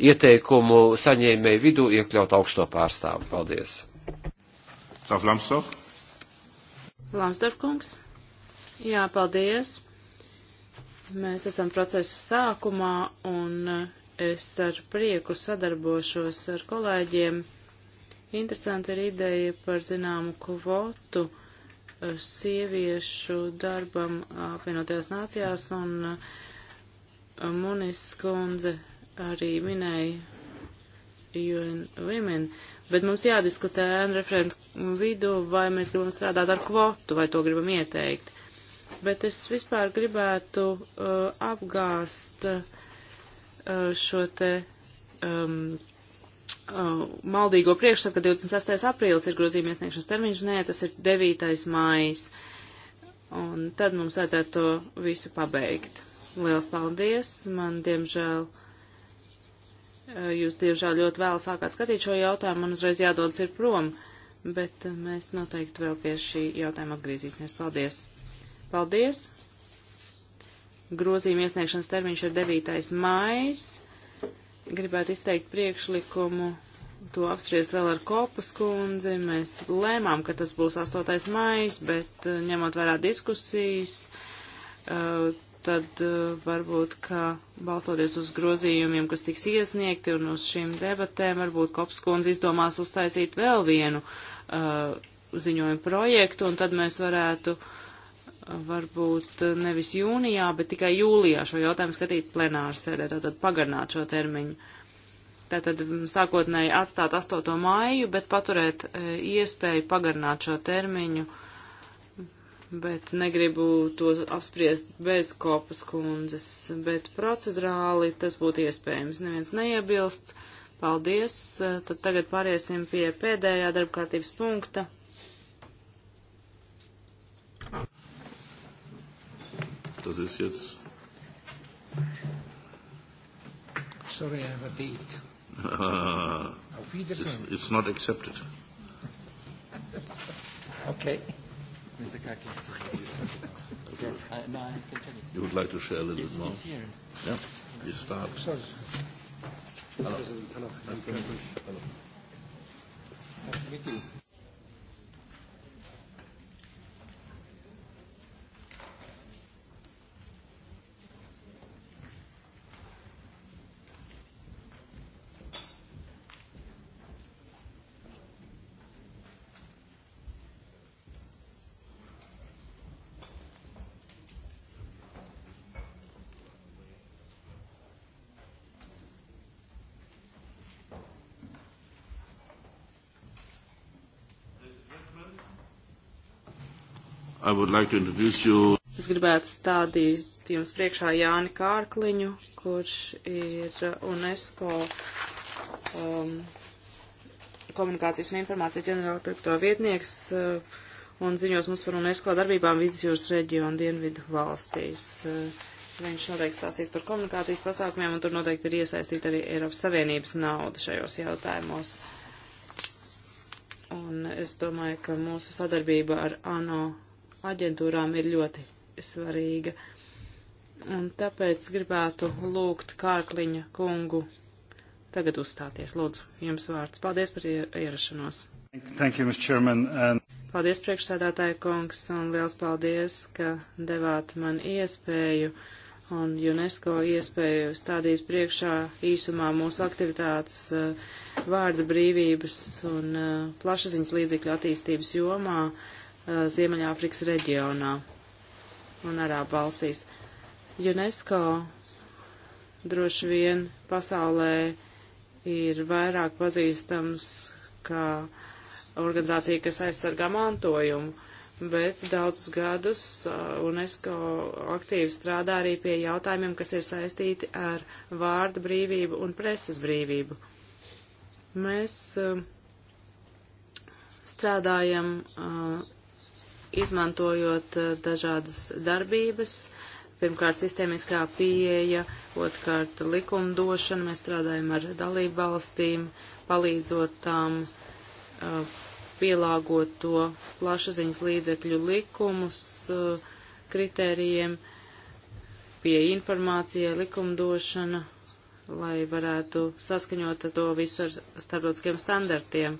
ieteikumu saņēmēju vidū iekļaut augsto pārstāvu. Paldies! Tāp Lamstorf. Lamstorf kungs. Jā, paldies. Mēs esam procesa sākumā un es ar prieku sadarbošos ar kolēģiem. Interesanti ir ideja par zināmu kvotu eh, sieviešu darbam apvienotajās nācijās un eh, Munis kundze arī minēja UN Women. Uh, bet mums jādiskutē ēnu referentu vidu, vai mēs gribam strādāt ar kvotu, vai to gribam ieteikt. Bet es vispār gribētu uh, apgāst uh, šo te um, uh, maldīgo priekšstatu, ka 26. aprīlis ir grozījuma iesniegšanas termiņš, nē, tas ir 9. mājas. Un tad mums vajadzētu to visu pabeigt. Liels paldies! Man, diemžēl, uh, Eh, jūs, diemžēl, ļoti vēl sākāt skatīt šo jautājumu un uzreiz jādodas ir prom, bet eh, mēs noteikti vēl pie šī jautājuma atgriezīsimies. Paldies! Paldies! Grozījuma iesniegšanas termiņš ir 9. mājas. Gribētu izteikt priekšlikumu to apspriest vēl ar kopas kundzi. Mēs lēmām, ka tas būs 8. mājas, bet eh, ņemot vērā diskusijas, tad eh, varbūt, ka balstoties uz grozījumiem, kas tiks iesniegti un uz šīm debatēm, varbūt Kopskundze izdomās uztaisīt vēl vienu uh, ziņojumu projektu, un tad mēs varētu eh, varbūt nevis jūnijā, bet tikai jūlijā šo jautājumu skatīt plenāru sēdē, tātad pagarināt šo termiņu. Tātad mm, sākotnēji atstāt 8. māju, bet paturēt e, iespēju pagarināt šo termiņu uh, bet negribu to apspriest bez kopas kundzes, bet procedurāli tas būtu iespējams. Neviens neiebilst. Paldies. Tad tagad pāriesim pie pēdējā darbkārtības punkta. Tas ir jetzt. Sorry, I have a date. Uh, [LAUGHS] it's, it's not accepted. okay. Mr. Kakis. yes, I, no, I can tell you. You would like to share a little he's, bit more? He's here. Yeah, you start. Sorry. Hello. Hello. Hello. Hello. Nice to meet you. like es gribētu stādīt jums priekšā Jāni Kārkliņu, kurš ir UNESCO um, komunikācijas un informācijas ģenerāldirektora vietnieks uh, un ziņos mums par UNESCO darbībām vidusjūras reģionu dienvidu valstīs. Uh, viņš noteikti stāstīs par komunikācijas pasākumiem, un tur noteikti ir iesaistīta arī Eiropas Savienības nauda šajos jautājumos. Un es domāju, ka mūsu sadarbība ar ANO aģentūrām ir ļoti svarīga. Un tāpēc gribētu lūgt Kārkliņa kungu tagad uzstāties. Lūdzu, jums vārds. Paldies par ierašanos. Thank you, Mr. Chairman. And... Paldies, priekšsēdētāja kungs, un liels paldies, ka devāt man iespēju un UNESCO iespēju stādīt priekšā īsumā mūsu aktivitātes eh, vārda brīvības un eh, plašaziņas līdzekļu attīstības jomā Uh, Ziemeļāfrikas reģionā un Arābu valstīs. UNESCO droši vien pasaulē ir vairāk pazīstams kā organizācija, kas aizsargā mantojumu, bet daudzus gadus uh, UNESCO aktīvi strādā arī pie jautājumiem, kas ir saistīti ar vārda brīvību un preses brīvību. Mēs uh, strādājam izmantojot eh, dažādas darbības. Pirmkārt, sistēmiskā pieeja, otrkārt, likumdošana. Mēs strādājam ar dalību valstīm, palīdzot tām eh, pielāgot to plašsaziņas līdzekļu likumus eh, kritērijiem, pie informācijai likumdošana, lai varētu saskaņot to visu ar starptautiskiem standartiem.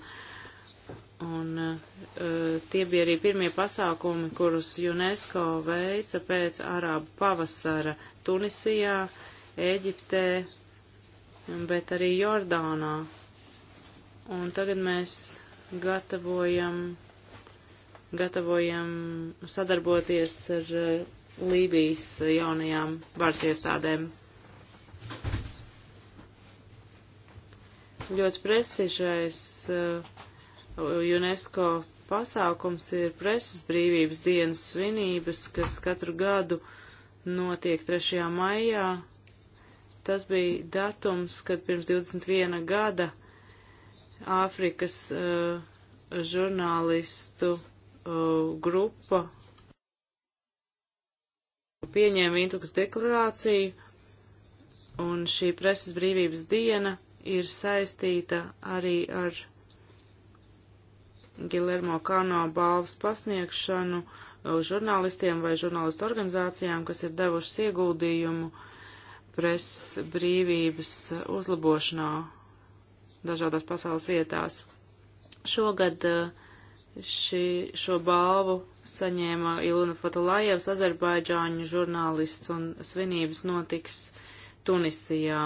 Un uh, tie bija arī pirmie pasākumi, kurus UNESCO veica pēc Arābu pavasara Tunisijā, Eģiptē, bet arī Jordānā. Un tagad mēs gatavojam, gatavojam sadarboties ar uh, Lībijas jaunajām varas iestādēm. Ļoti prestižais uh, UNESCO pasākums ir preses brīvības dienas svinības, kas katru gadu notiek 3. maijā. Tas bija datums, kad pirms 21 gada Āfrikas uh, žurnālistu uh, grupa pieņēma Intukas deklarāciju, un šī preses brīvības diena ir saistīta arī ar Gilermo Kano balvas pasniegšanu uh, žurnālistiem vai žurnālistu organizācijām, kas ir devušas ieguldījumu preses brīvības uzlabošanā dažādās pasaules vietās. Šogad uh, šī, šo balvu saņēma Iluna Fatulājevs, Azerbaidžāņu žurnālists, un svinības notiks Tunisijā,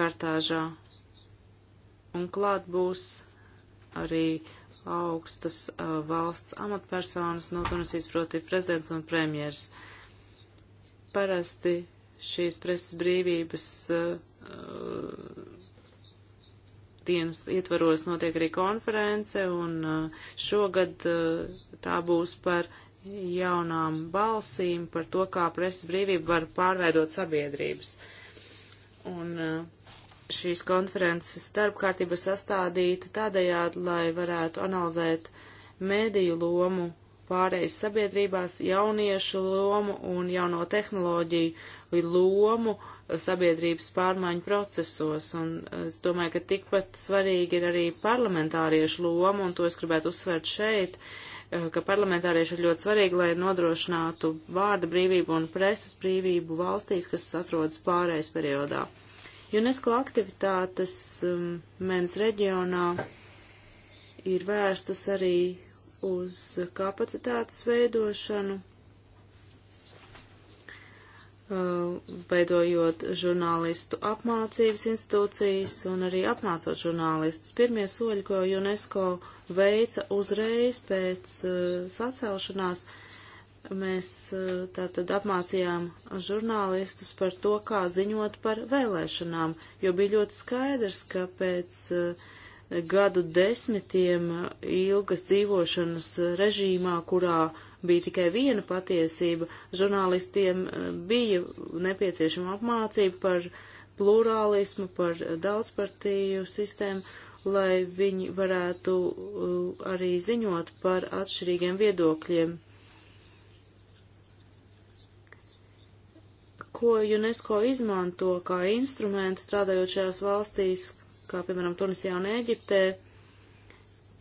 Kartāžā. Un klāt būs arī augstas uh, valsts amatpersonas no Tunisijas, proti prezidents un premjers. Parasti šīs preses brīvības uh, dienas ietvaros notiek arī konference, un šogad tā būs par jaunām balsīm, par to, kā presas brīvība var pārveidot sabiedrības. Un uh, šīs konferences darbkārtība ir sastādīta tādējādi, lai varētu analizēt mēdīju lomu pārējais sabiedrībās, jauniešu lomu un jauno tehnoloģiju lomu sabiedrības pārmaiņu procesos. Un es domāju, ka tikpat svarīgi ir arī parlamentāriešu loma, un to es gribētu uzsvērt šeit, eh, ka parlamentārieši ir ļoti svarīgi, lai nodrošinātu vārda brīvību un preses brīvību valstīs, kas atrodas pārējais periodā. UNESCO aktivitātes um, mēnes reģionā ir vērstas arī uz kapacitātes veidošanu, uh, veidojot žurnālistu apmācības institūcijas un arī apmācot žurnālistus. Pirmie soļi, ko UNESCO veica uzreiz pēc uh, sacelšanās, uh, Mēs eh, tātad apmācījām žurnālistus par to, kā ziņot par vēlēšanām, jo bija ļoti skaidrs, ka pēc eh, gadu desmitiem eh, ilgas dzīvošanas režīmā, kurā bija tikai viena patiesība, žurnālistiem bija nepieciešama apmācība par plurālismu, par daudzpartiju sistēmu, lai viņi varētu arī ziņot par atšķirīgiem viedokļiem ko UNESCO izmanto kā instrumentu strādājot šajās valstīs, kā piemēram Tunisijā un Ēģiptē,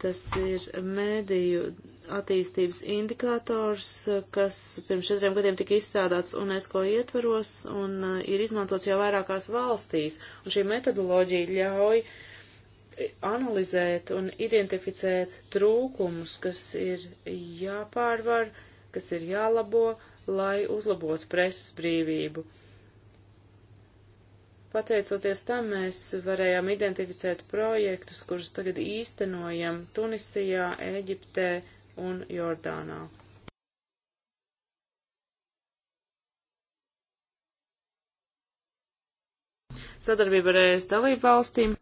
tas ir mēdīju attīstības indikators, kas pirms četriem gadiem tika izstrādāts UNESCO ietvaros un uh, ir izmantots jau vairākās valstīs. Un šī metodoloģija ļauj analizēt un identificēt trūkumus, kas ir jāpārvar, kas ir jālabo, lai uzlabotu preses brīvību. Pateicoties tam, mēs varējām identificēt projektus, kurus tagad īstenojam Tunisijā, Eģiptē un Jordānā. Sadarbība ar ES dalību valstīm.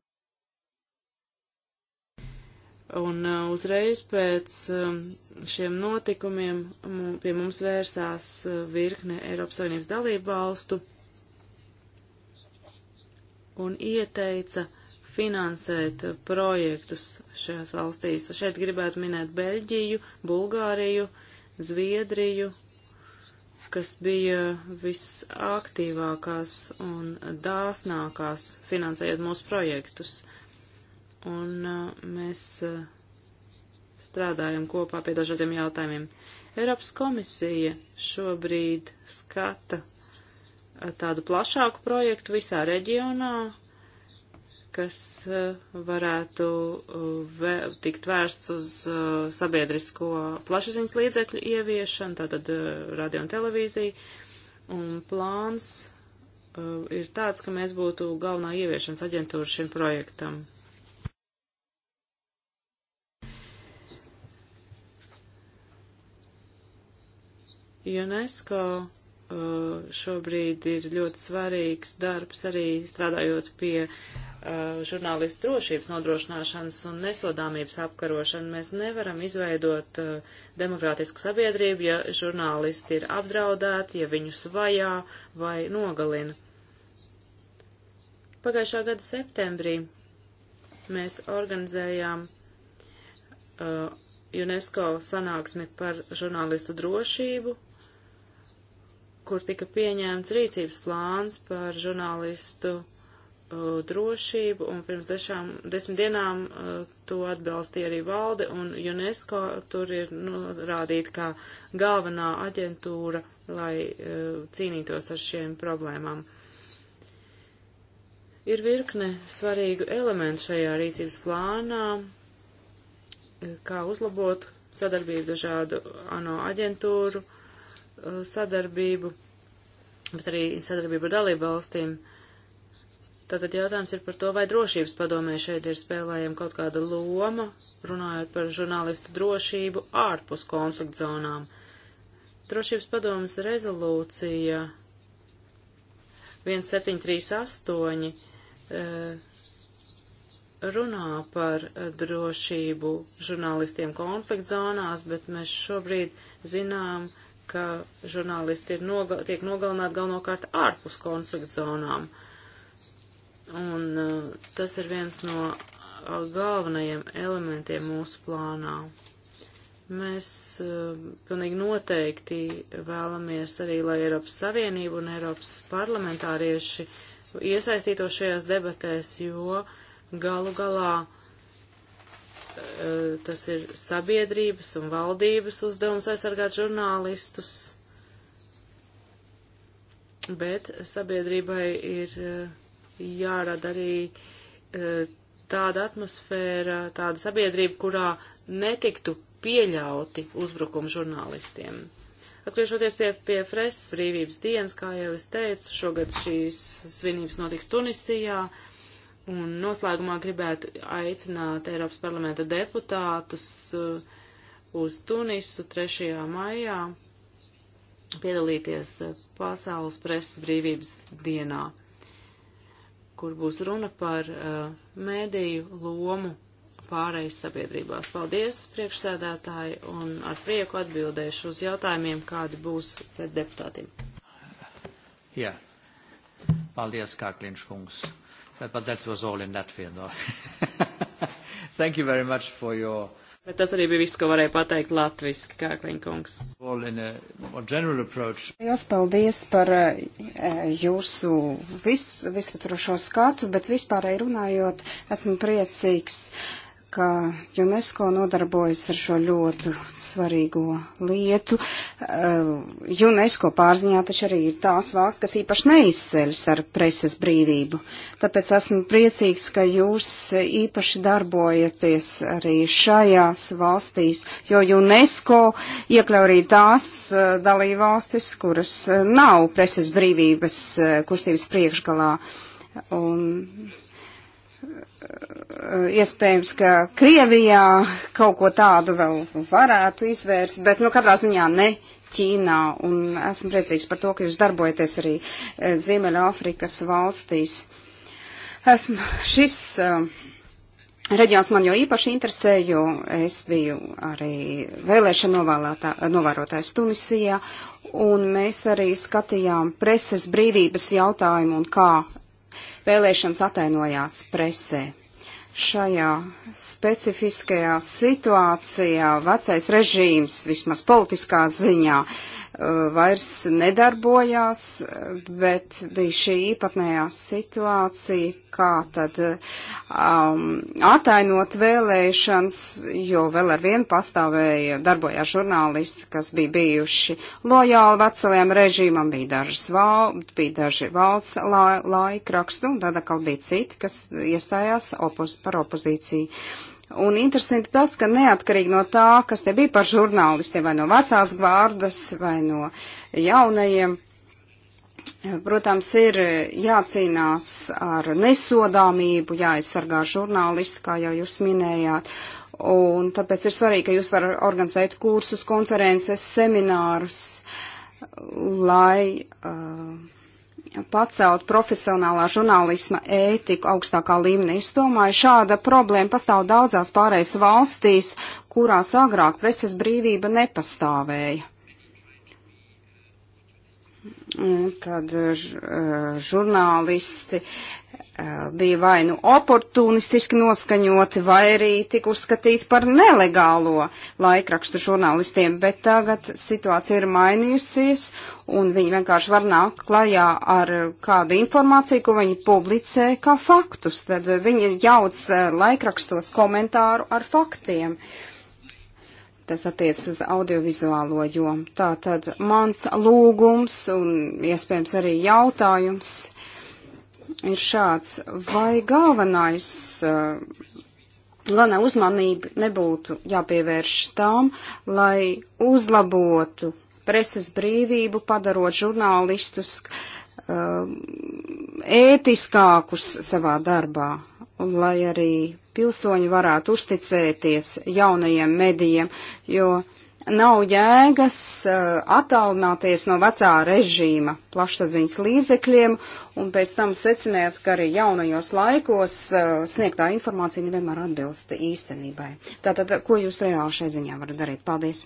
Un uh, uzreiz pēc um, šiem notikumiem mums, pie mums vērsās uh, virkne Eiropas Savienības dalību valstu un ieteica finansēt uh, projektus šajās valstīs. Šeit gribētu minēt Beļģiju, Bulgāriju, Zviedriju, kas bija visaktīvākās un dāsnākās finansējot mūsu projektus. Uh, un mēs strādājam kopā pie dažādiem jautājumiem. Eiropas komisija šobrīd skata tādu plašāku projektu visā reģionā, kas varētu tikt vērsts uz sabiedrisko plašsaziņas līdzekļu ieviešanu, tātad radio un televīziju. Un plāns ir tāds, ka mēs būtu galvenā ieviešanas aģentūra šim projektam. UNESCO uh, šobrīd ir ļoti svarīgs darbs arī strādājot pie uh, žurnālistu drošības nodrošināšanas un nesodāmības apkarošana. Mēs nevaram izveidot uh, demokrātisku sabiedrību, ja žurnālisti ir apdraudēti, ja viņus vajā vai nogalina. Pagājušā gada septembrī mēs organizējām UNESCO sanāksmi par žurnālistu drošību kur tika pieņēmts rīcības plāns par žurnālistu uh, drošību, un pirms dešām, desmit dienām uh, to atbalstīja arī valde, un UNESCO tur ir norādīta nu, kā galvenā aģentūra, lai uh, cīnītos ar šiem problēmām. Ir virkne svarīgu elementu šajā rīcības plānā, uh, kā uzlabot sadarbību dažādu ANO aģentūru, uh, Uh, sadarbību, bet arī sadarbību ar dalību valstīm. Tātad jautājums ir par to, vai drošības padomē šeit ir spēlējama kaut kāda loma, runājot par žurnālistu drošību ārpus konflikt zonām. Drošības padomas rezolūcija 1738 eh, runā par drošību žurnālistiem konflikt zonās, bet mēs šobrīd zinām, ka ka žurnālisti ir noga tiek nogalināti galvenokārt ārpus konflikta zonām. Un uh, tas ir viens no uh, galvenajiem elementiem mūsu plānā. Mēs uh, pilnīgi noteikti vēlamies arī, lai Eiropas Savienība un Eiropas parlamentārieši iesaistītos šajās debatēs, jo galu galā uh, Eh, tas ir sabiedrības un valdības uzdevums aizsargāt žurnālistus, bet sabiedrībai ir eh, jārada arī eh, tāda atmosfēra, tāda sabiedrība, kurā netiktu pieļauti uzbrukumi žurnālistiem. Atgriežoties pie, pie preses brīvības dienas, kā jau es teicu, šogad šīs svinības notiks Tunisijā. Uh, Un noslēgumā gribētu aicināt Eiropas parlamenta deputātus uh, uz Tunisu 3. maijā piedalīties uh, Pasaules presas brīvības dienā, kur būs runa par uh, mēdīju lomu pārējais sabiedrībās. Paldies, priekšsēdētāji, un ar prieku atbildēšu uz jautājumiem, kādi būs deputātiem. Jā, paldies, Kārklinš kungs. But that was all in that field. No? [LAUGHS] Thank you very much for your. Bet tas arī bija viss, ko varēja pateikt latviski, kā kliņkungs. Liels paldies par eh, jūsu vis, visvaturošo skatu, bet vispārēji runājot, esmu priecīgs. Uh, ka UNESCO nodarbojas ar šo ļoti svarīgo lietu. Uh, UNESCO pārziņā taču arī ir tās valsts, kas īpaši neizceļas ar preses brīvību. Tāpēc esmu priecīgs, ka jūs īpaši darbojaties arī šajās valstīs, jo UNESCO iekļau arī tās uh, dalībvalstis, kuras uh, nav preses brīvības kustības priekšgalā. Un Eh, iespējams, ka Krievijā kaut ko tādu vēl varētu izvērst, bet, nu, katrā ziņā ne Ķīnā, un esmu priecīgs par to, ka jūs darbojaties arī eh, Ziemeļāfrikas valstīs. Esmu šis uh, reģions man jau īpaši interesē, jo es biju arī vēlēšana novērotājs Tunisijā, un mēs arī skatījām preses brīvības jautājumu un kā vēlēšanas atainojās presē. Šajā specifiskajā situācijā vecais režīms, vismaz politiskā ziņā, uh, Eh, vairs nedarbojās, eh, bet bija šī īpatnējā situācija, kā tad um, atainot vēlēšanas, jo vēl ar vienu pastāvēja darbojās žurnālisti, kas bija bijuši lojāli vecelajam režīmam, bija, dažas val, bija daži valsts lai, laikraksti, un tad atkal bija citi, kas iestājās opoz, par opozīciju. Un interesanti tas, ka neatkarīgi no tā, kas te bija par žurnālistiem, vai no vecās gvārdas, vai no jaunajiem, protams, ir jācīnās ar nesodāmību, jāaizsargā žurnālisti, kā jau jūs minējāt. Un tāpēc ir svarīgi, ka jūs varat organizēt kursus, konferences, seminārus, lai. Uh, pacelt profesionālā žurnālisma ētiku augstākā līmenī. Es domāju, šāda problēma pastāv daudzās pārējās valstīs, kurās agrāk preses brīvība nepastāvēja. Un tad eh, žurnālisti Eh, bija vai nu oportunistiski noskaņoti, vai arī tika uzskatīti par nelegālo laikrakstu žurnālistiem, bet tagad situācija ir mainījusies, un viņi vienkārši var nākt klajā ar kādu informāciju, ko viņi publicē kā faktus. Tad viņi jauc eh, laikrakstos komentāru ar faktiem. Tas attiec uz audiovizuālo jomu. Tā tad mans lūgums un iespējams arī jautājums ir šāds. Vai galvenais, eh, galvenā uzmanība nebūtu jāpievērš tām, lai uzlabotu preses brīvību, padarot žurnālistus eh, ētiskākus savā darbā, un lai arī pilsoņi varētu uzticēties jaunajiem medijiem, jo Nav jēgas uh, attālināties no vecā režīma plašsaziņas līdzekļiem un pēc tam secināt, ka arī jaunajos laikos uh, sniegtā informācija nevienmēr atbilst īstenībai. Tātad, ko jūs reāli šai ziņā varat darīt? Paldies!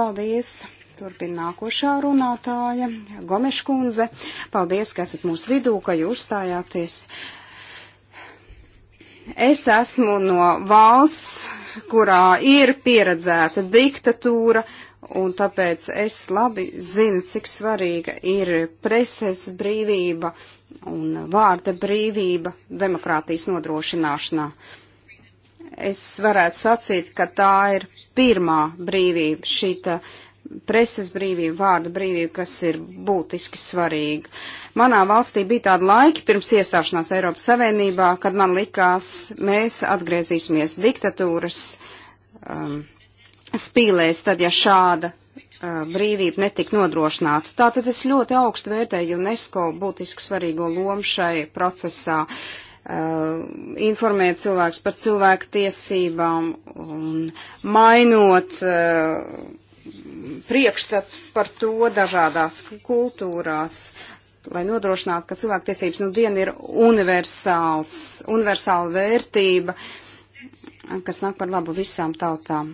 Paldies! Turpina nākošā runātāja, Gomeškundze. Paldies, ka esat mūsu vidū, ka jūs stājāties. Uh, Es esmu no valsts, kurā ir pieredzēta diktatūra, un tāpēc es labi zinu, cik svarīga ir preses brīvība un vārda brīvība demokrātijas nodrošināšanā. Es varētu sacīt, ka tā ir pirmā brīvība, šīta preses brīvība, vārda brīvība, kas ir būtiski svarīga. Manā valstī bija tāda laika pirms iestāšanās Eiropas Savienībā, kad man likās, mēs atgriezīsimies diktatūras um, spīlēs, tad ja šāda uh, brīvība netika nodrošināta. Tātad es ļoti augstu vērtēju UNESCO būtisku svarīgo lomu šai procesā. Uh, Uh, informēt cilvēks par cilvēku tiesībām un mainot uh, priekšstats par to dažādās kultūrās, lai nodrošinātu, ka cilvēktiesības nu diena ir universāls, universāla vērtība, kas nāk par labu visām tautām.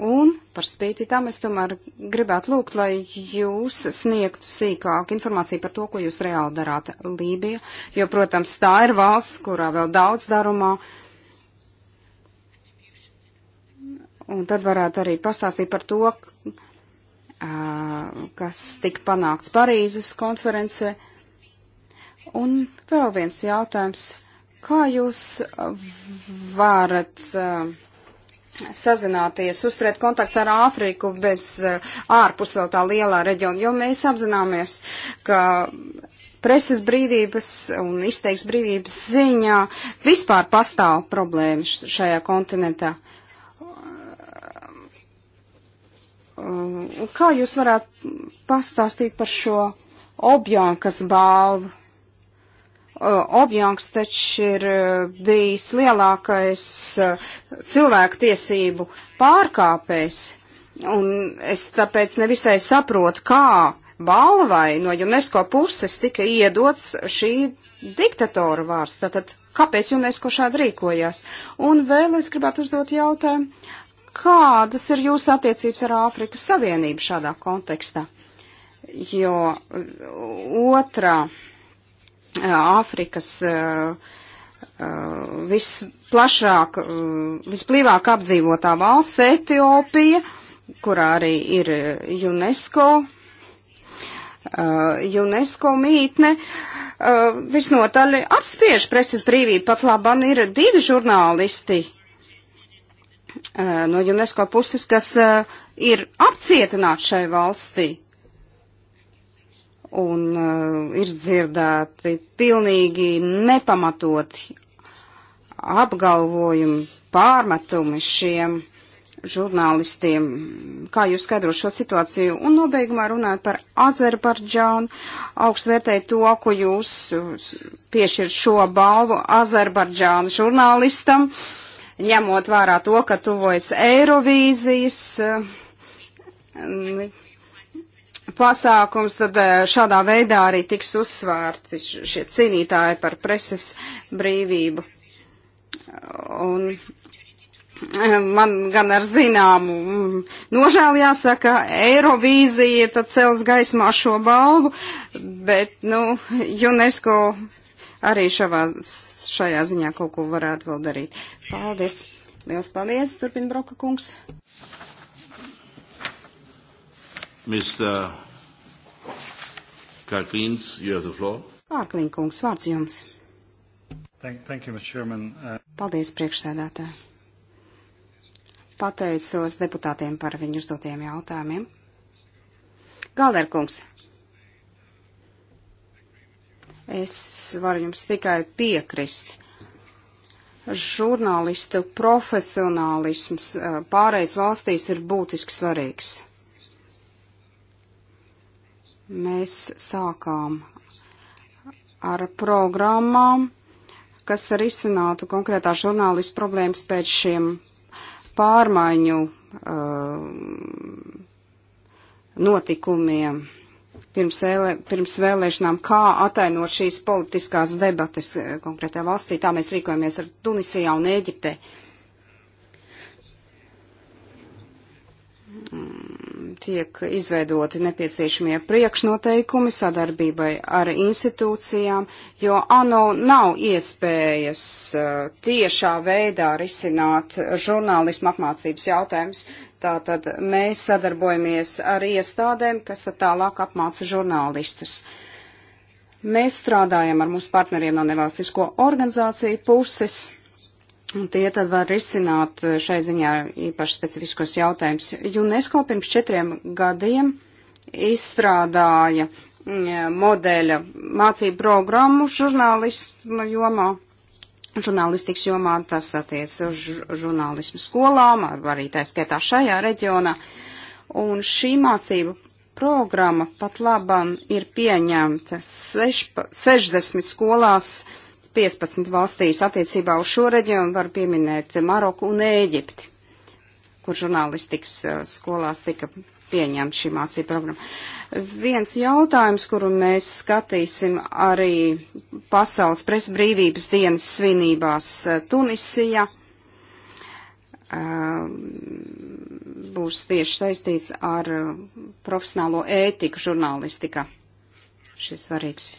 Un par spīti tam es tomēr gribētu lūgt, lai jūs sniegtu sīkāku informāciju par to, ko jūs reāli darāt Lībija, jo, protams, tā ir valsts, kurā vēl daudz darumā. Un tad varētu arī pastāstīt par to, kas tika panākts Parīzes konferencē. Un vēl viens jautājums. Kā jūs varat uh, sazināties, uzturēt kontakts ar Āfriku bez uh, ārpus vēl tā lielā reģiona, jo mēs apzināmies, ka preses brīvības un izteiks brīvības ziņā vispār pastāv problēmas šajā kontinentā. Um, kā jūs varētu pastāstīt par šo objākas balvu? Uh, Objāks taču ir uh, bijis lielākais uh, cilvēku tiesību pārkāpējs, un es tāpēc nevisai saprotu, kā balvai no UNESCO puses tika iedots šī diktatora vārds. Tātad, kāpēc UNESCO šādi rīkojās? Un vēl es gribētu uzdot jautājumu, Kādas ir jūsu attiecības ar Āfrikas Savienību šādā kontekstā? Jo otrā eh, Āfrikas uh, Uh, visplašāk, uh, visplīvāk apdzīvotā valsts Etiopija, kurā arī ir UNESCO, uh, UNESCO mītne. Visnotaļ apspiež preses brīvību, pat labam ir divi žurnālisti, Eh, no UNESCO puses, kas eh, ir apcietināti šai valstī. Un uh, ir dzirdēti pilnīgi nepamatoti apgalvojumi, pārmetumi šiem žurnālistiem, kā jūs skaidrot šo situāciju. Un nobeigumā runājot par Azerbaidžānu, augstvērtēju to, ko jūs piešķirt šo balvu Azerbaidžānu žurnālistam. Uh, ņemot vērā to, ka tuvojas Eirovīzijas eh, pasākums, tad eh, šādā veidā arī tiks uzsvērti šie cīnītāji par preses brīvību. Un eh, man gan ar zināmu mm, nožēlu jāsaka, Eirovīzija tad cels gaismā šo balvu, bet, nu, UNESCO arī šavā, šajā ziņā kaut ko varētu vēl darīt. Paldies! Liels paldies! Turpin Broka kungs! Mr. Kārklīns, you have the floor. Kārklīn kungs, vārds jums. Thank, thank you, Mr. Chairman. Uh... Paldies, priekšsēdētāji. Pateicos deputātiem par viņu uzdotiem jautājumiem. Galderkungs, Es varu jums tikai piekrist. Žurnālistu profesionālisms pārējais valstīs ir būtiski svarīgs. Mēs sākām ar programmām, kas risinātu konkrētā žurnālista problēmas pēc šiem pārmaiņu uh, notikumiem pirms, vēlē, pirms vēlēšanām, kā atainot šīs politiskās debates eh, konkrētā valstī. Tā mēs rīkojamies ar Tunisijā un Ēģiptē. Mm, tiek izveidoti nepieciešamie priekšnoteikumi sadarbībai ar institūcijām, jo ANO nav iespējas eh, tiešā veidā risināt žurnālismu apmācības jautājumus, Tātad mēs sadarbojamies ar iestādēm, kas tālāk apmāca žurnālistus. Mēs strādājam ar mūsu partneriem no nevalstisko organizāciju puses, un tie tad var risināt eh, šai ziņā īpaši specifiskos jautājumus. UNESCO pirms četriem gadiem izstrādāja mm, eh, modeļa mācību programmu žurnālismu jomā, žurnālistikas jomā, tas attiec uz žurnālismu skolām, arī tā skaitā šajā reģionā. Un šī mācība programma pat labam ir pieņemta sešpa, 60 skolās 15 valstīs attiecībā uz šo reģionu, var pieminēt Maroku un Ēģipti, kur žurnālistikas eh, skolās tika pieņemta šī mācība programma. Viens jautājums, kuru mēs skatīsim arī Pasaules presbrīvības dienas svinībās eh, Tunisija, ehm, būs tieši saistīts ar eh, profesionālo ētiku žurnālistikā. Šis svarīgs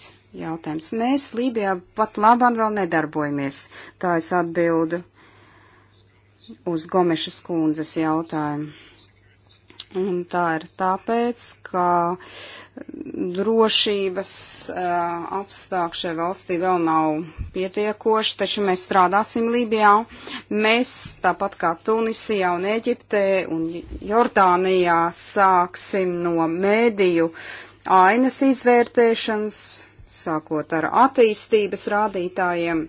jautājums. Mēs Lībijā pat labāk vēl nedarbojamies. Tā es atbildu uz Gomešas kundzes jautājumu. Un tā ir tāpēc, ka drošības uh, apstākļi šajā valstī vēl nav pietiekoši, taču mēs strādāsim Lībijā. Mēs, tāpat kā Tunisijā un Eģiptē un Jordānijā, sāksim no mēdīju ainas izvērtēšanas, sākot ar attīstības rādītājiem.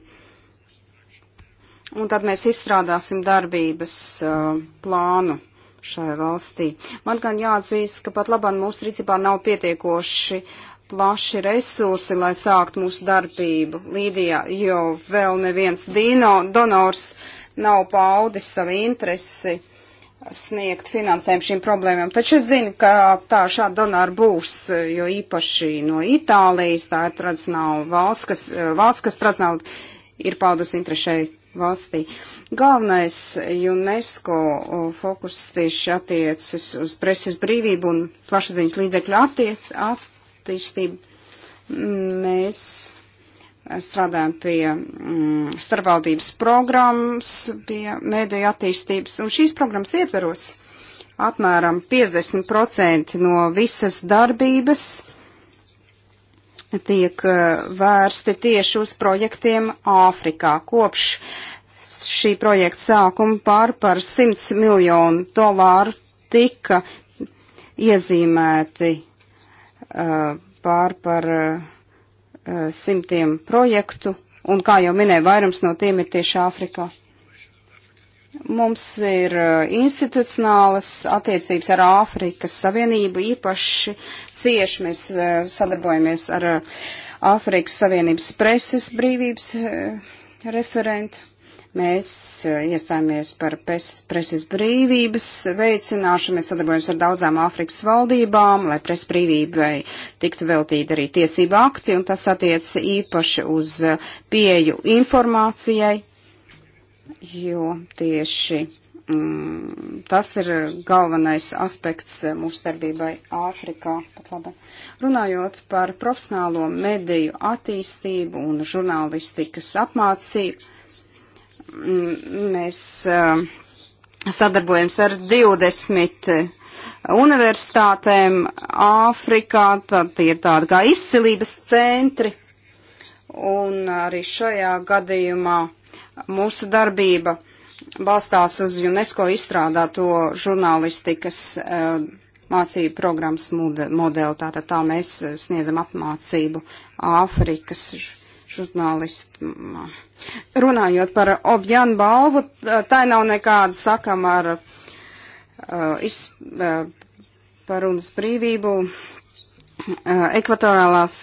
Un tad mēs izstrādāsim darbības uh, plānu šajā valstī. Man gan jāatzīst, ka pat labāk mūsu rīcībā nav pietiekoši plaši resursi, lai sākt mūsu darbību Līdijā, jo vēl neviens dino, donors nav paudis savu interesi sniegt finansējumu šīm problēmām. Taču es zinu, ka tā šāda donāra būs, jo īpaši no Itālijas tā ir tradicionāla valsts, kas, valsts, kas tradicionāli ir paudus interešai valstī. Galvenais UNESCO fokus tieši attiecas uz preses brīvību un plašsaziņas līdzekļu attiec, attīstību. Mēs strādājam pie mm, starpvaldības programmas, pie mēdēja attīstības, un šīs programmas ietveros apmēram 50% no visas darbības tiek eh, vērsti tieši uz projektiem Āfrikā. Kopš šī projekta sākuma pār par 100 miljonu dolāru tika iezīmēti eh, pār par eh, simtiem projektu, un kā jau minēju, vairums no tiem ir tieši Āfrikā. Mums ir uh, institucionālas attiecības ar Āfrikas Savienību, īpaši cieši mēs uh, sadarbojamies ar uh, Āfrikas Savienības preses brīvības referentu. Mēs iestājāmies par preses brīvības veicināšanu, mēs sadarbojamies ar daudzām Āfrikas valdībām, lai preses brīvībai tiktu veltīti arī tiesība akti, un tas attiec īpaši uz pieju informācijai, jo tieši mm, tas ir galvenais aspekts eh, mūsu darbībai Āfrikā. Runājot par profesionālo mediju attīstību un žurnālistikas apmācību, mm, mēs mm, sadarbojamies ar 20 eh, universitātēm Āfrikā, tad tie ir tādi kā izcilības centri, un arī šajā gadījumā Mūsu darbība balstās uz UNESCO izstrādāto žurnālistikas uh, mācību programmas modeli. Tātad tā mēs sniedzam apmācību Āfrikas žurnālistiem. Runājot par Objan balvu, tā nav nekāda sakama ar uh, iz, uh, e, parunas brīvību. Ekvatorālās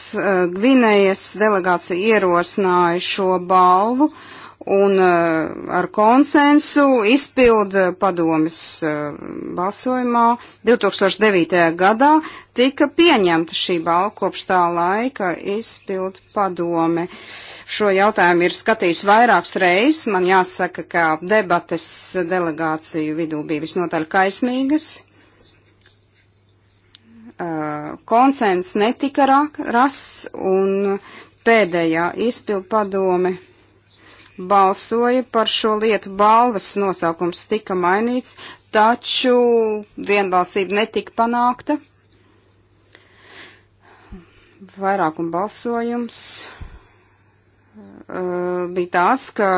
Gvinējas delegācija ierosināja šo balvu. Uh, un uh, ar konsensu izpildu padomis uh, balsojumā 2009. gadā tika pieņemta šī balva kopš tā laika izpildu padome. Šo jautājumu ir skatījis vairākas reizes. Man jāsaka, ka debates delegāciju vidū bija visnotaļ kaismīgas. Uh, konsens netika rasts un pēdējā izpildu padome balsoja par šo lietu. Balvas nosaukums tika mainīts, taču vienbalsība netika panākta. Vairākuma balsojums eh, bija tās, ka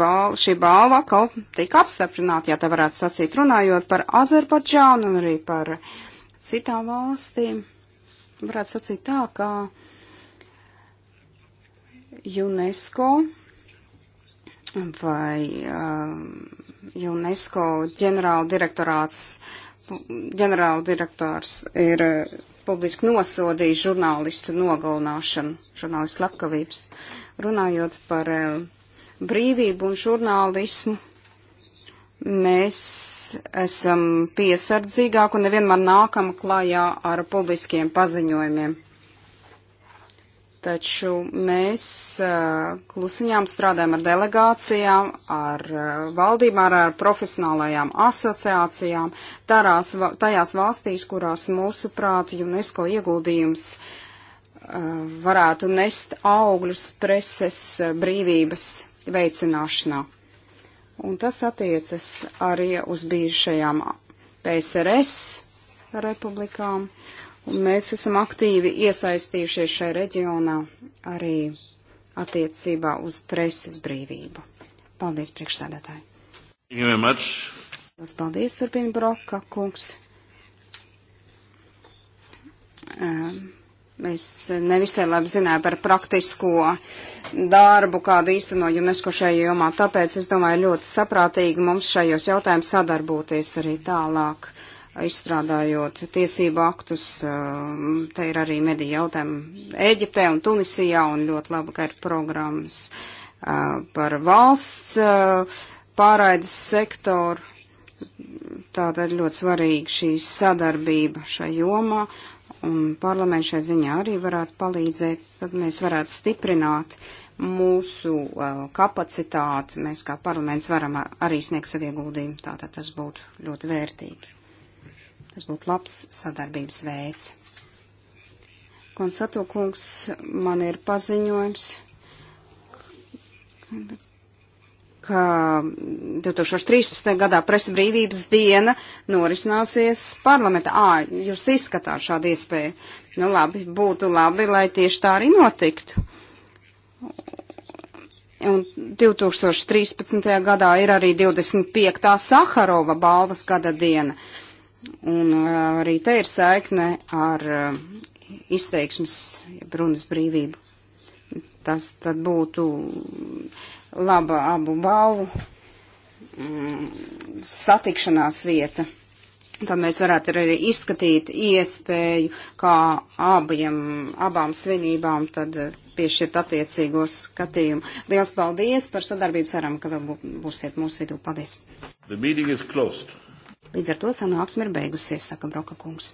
bal, šī balva atkal tika apstiprināta, ja tā varētu sacīt, runājot par Azerbaidžānu un arī par citām valstīm. Varētu sacīt tā, ka UNESCO vai um, UNESCO ģenerāla direktorāts, ģenerāla direktors ir uh, publiski nosodījis žurnālistu nogalināšanu, žurnālistu slepkavības. Runājot par uh, brīvību un žurnālismu, mēs esam piesardzīgāki un nevienmēr nākam klajā ar publiskiem paziņojumiem Taču mēs klusiņām strādājam ar delegācijām, ar valdībām, ar, ar profesionālajām asociācijām, tarās, tajās valstīs, kurās mūsuprāt UNESCO ieguldījums varētu nest augļus preses brīvības veicināšanā. Un tas attiecas arī uz bijušajām PSRS republikām. Uh, Un mēs esam aktīvi iesaistījušies šajā reģionā arī attiecībā uz preses brīvību. Paldies, priekšsēdētāji! Lielas paldies, turpina Broka kungs. Um, es nevisai labi zināju par praktisko darbu, kādu īsteno UNESCO šajā jomā, tāpēc es domāju ļoti saprātīgi mums šajos jautājumus sadarboties arī tālāk izstrādājot tiesību aktus. Um, te ir arī mediju jautājumi Ēģiptē un Tunisijā, un ļoti labi, ka ir programmas uh, par valsts uh, pārraides sektoru. Tāda ir ļoti svarīga šī sadarbība šai jomā, un parlaments šai ziņā arī varētu palīdzēt, tad mēs varētu stiprināt mūsu uh, kapacitāti, mēs kā parlaments varam ar, arī sniegt savu ieguldījumu, tātad tas būtu ļoti vērtīgi. Tas būtu labs sadarbības veids. Konstato kungs, man ir paziņojums, ka 2013. gadā presa brīvības diena norisināsies parlamentā. Ā, jūs izskatāt šādu iespēju. Nu labi, būtu labi, lai tieši tā arī notiktu. Un 2013. gadā ir arī 25. Saharova balvas gada diena. Uh, Un arī te ir saikne ar izteiksmes runas brīvību. Tas tad būtu laba abu balvu mm, satikšanās vieta. Tad mēs varētu arī izskatīt iespēju, kā abiem, abām svinībām tad piešķirt attiecīgos skatījumu. Liels paldies par sadarbību. Ceram, ka vēl būsiet mūsu vidū. Paldies. Līdz ar to sanāksme ir beigusies, saka Broka kungs.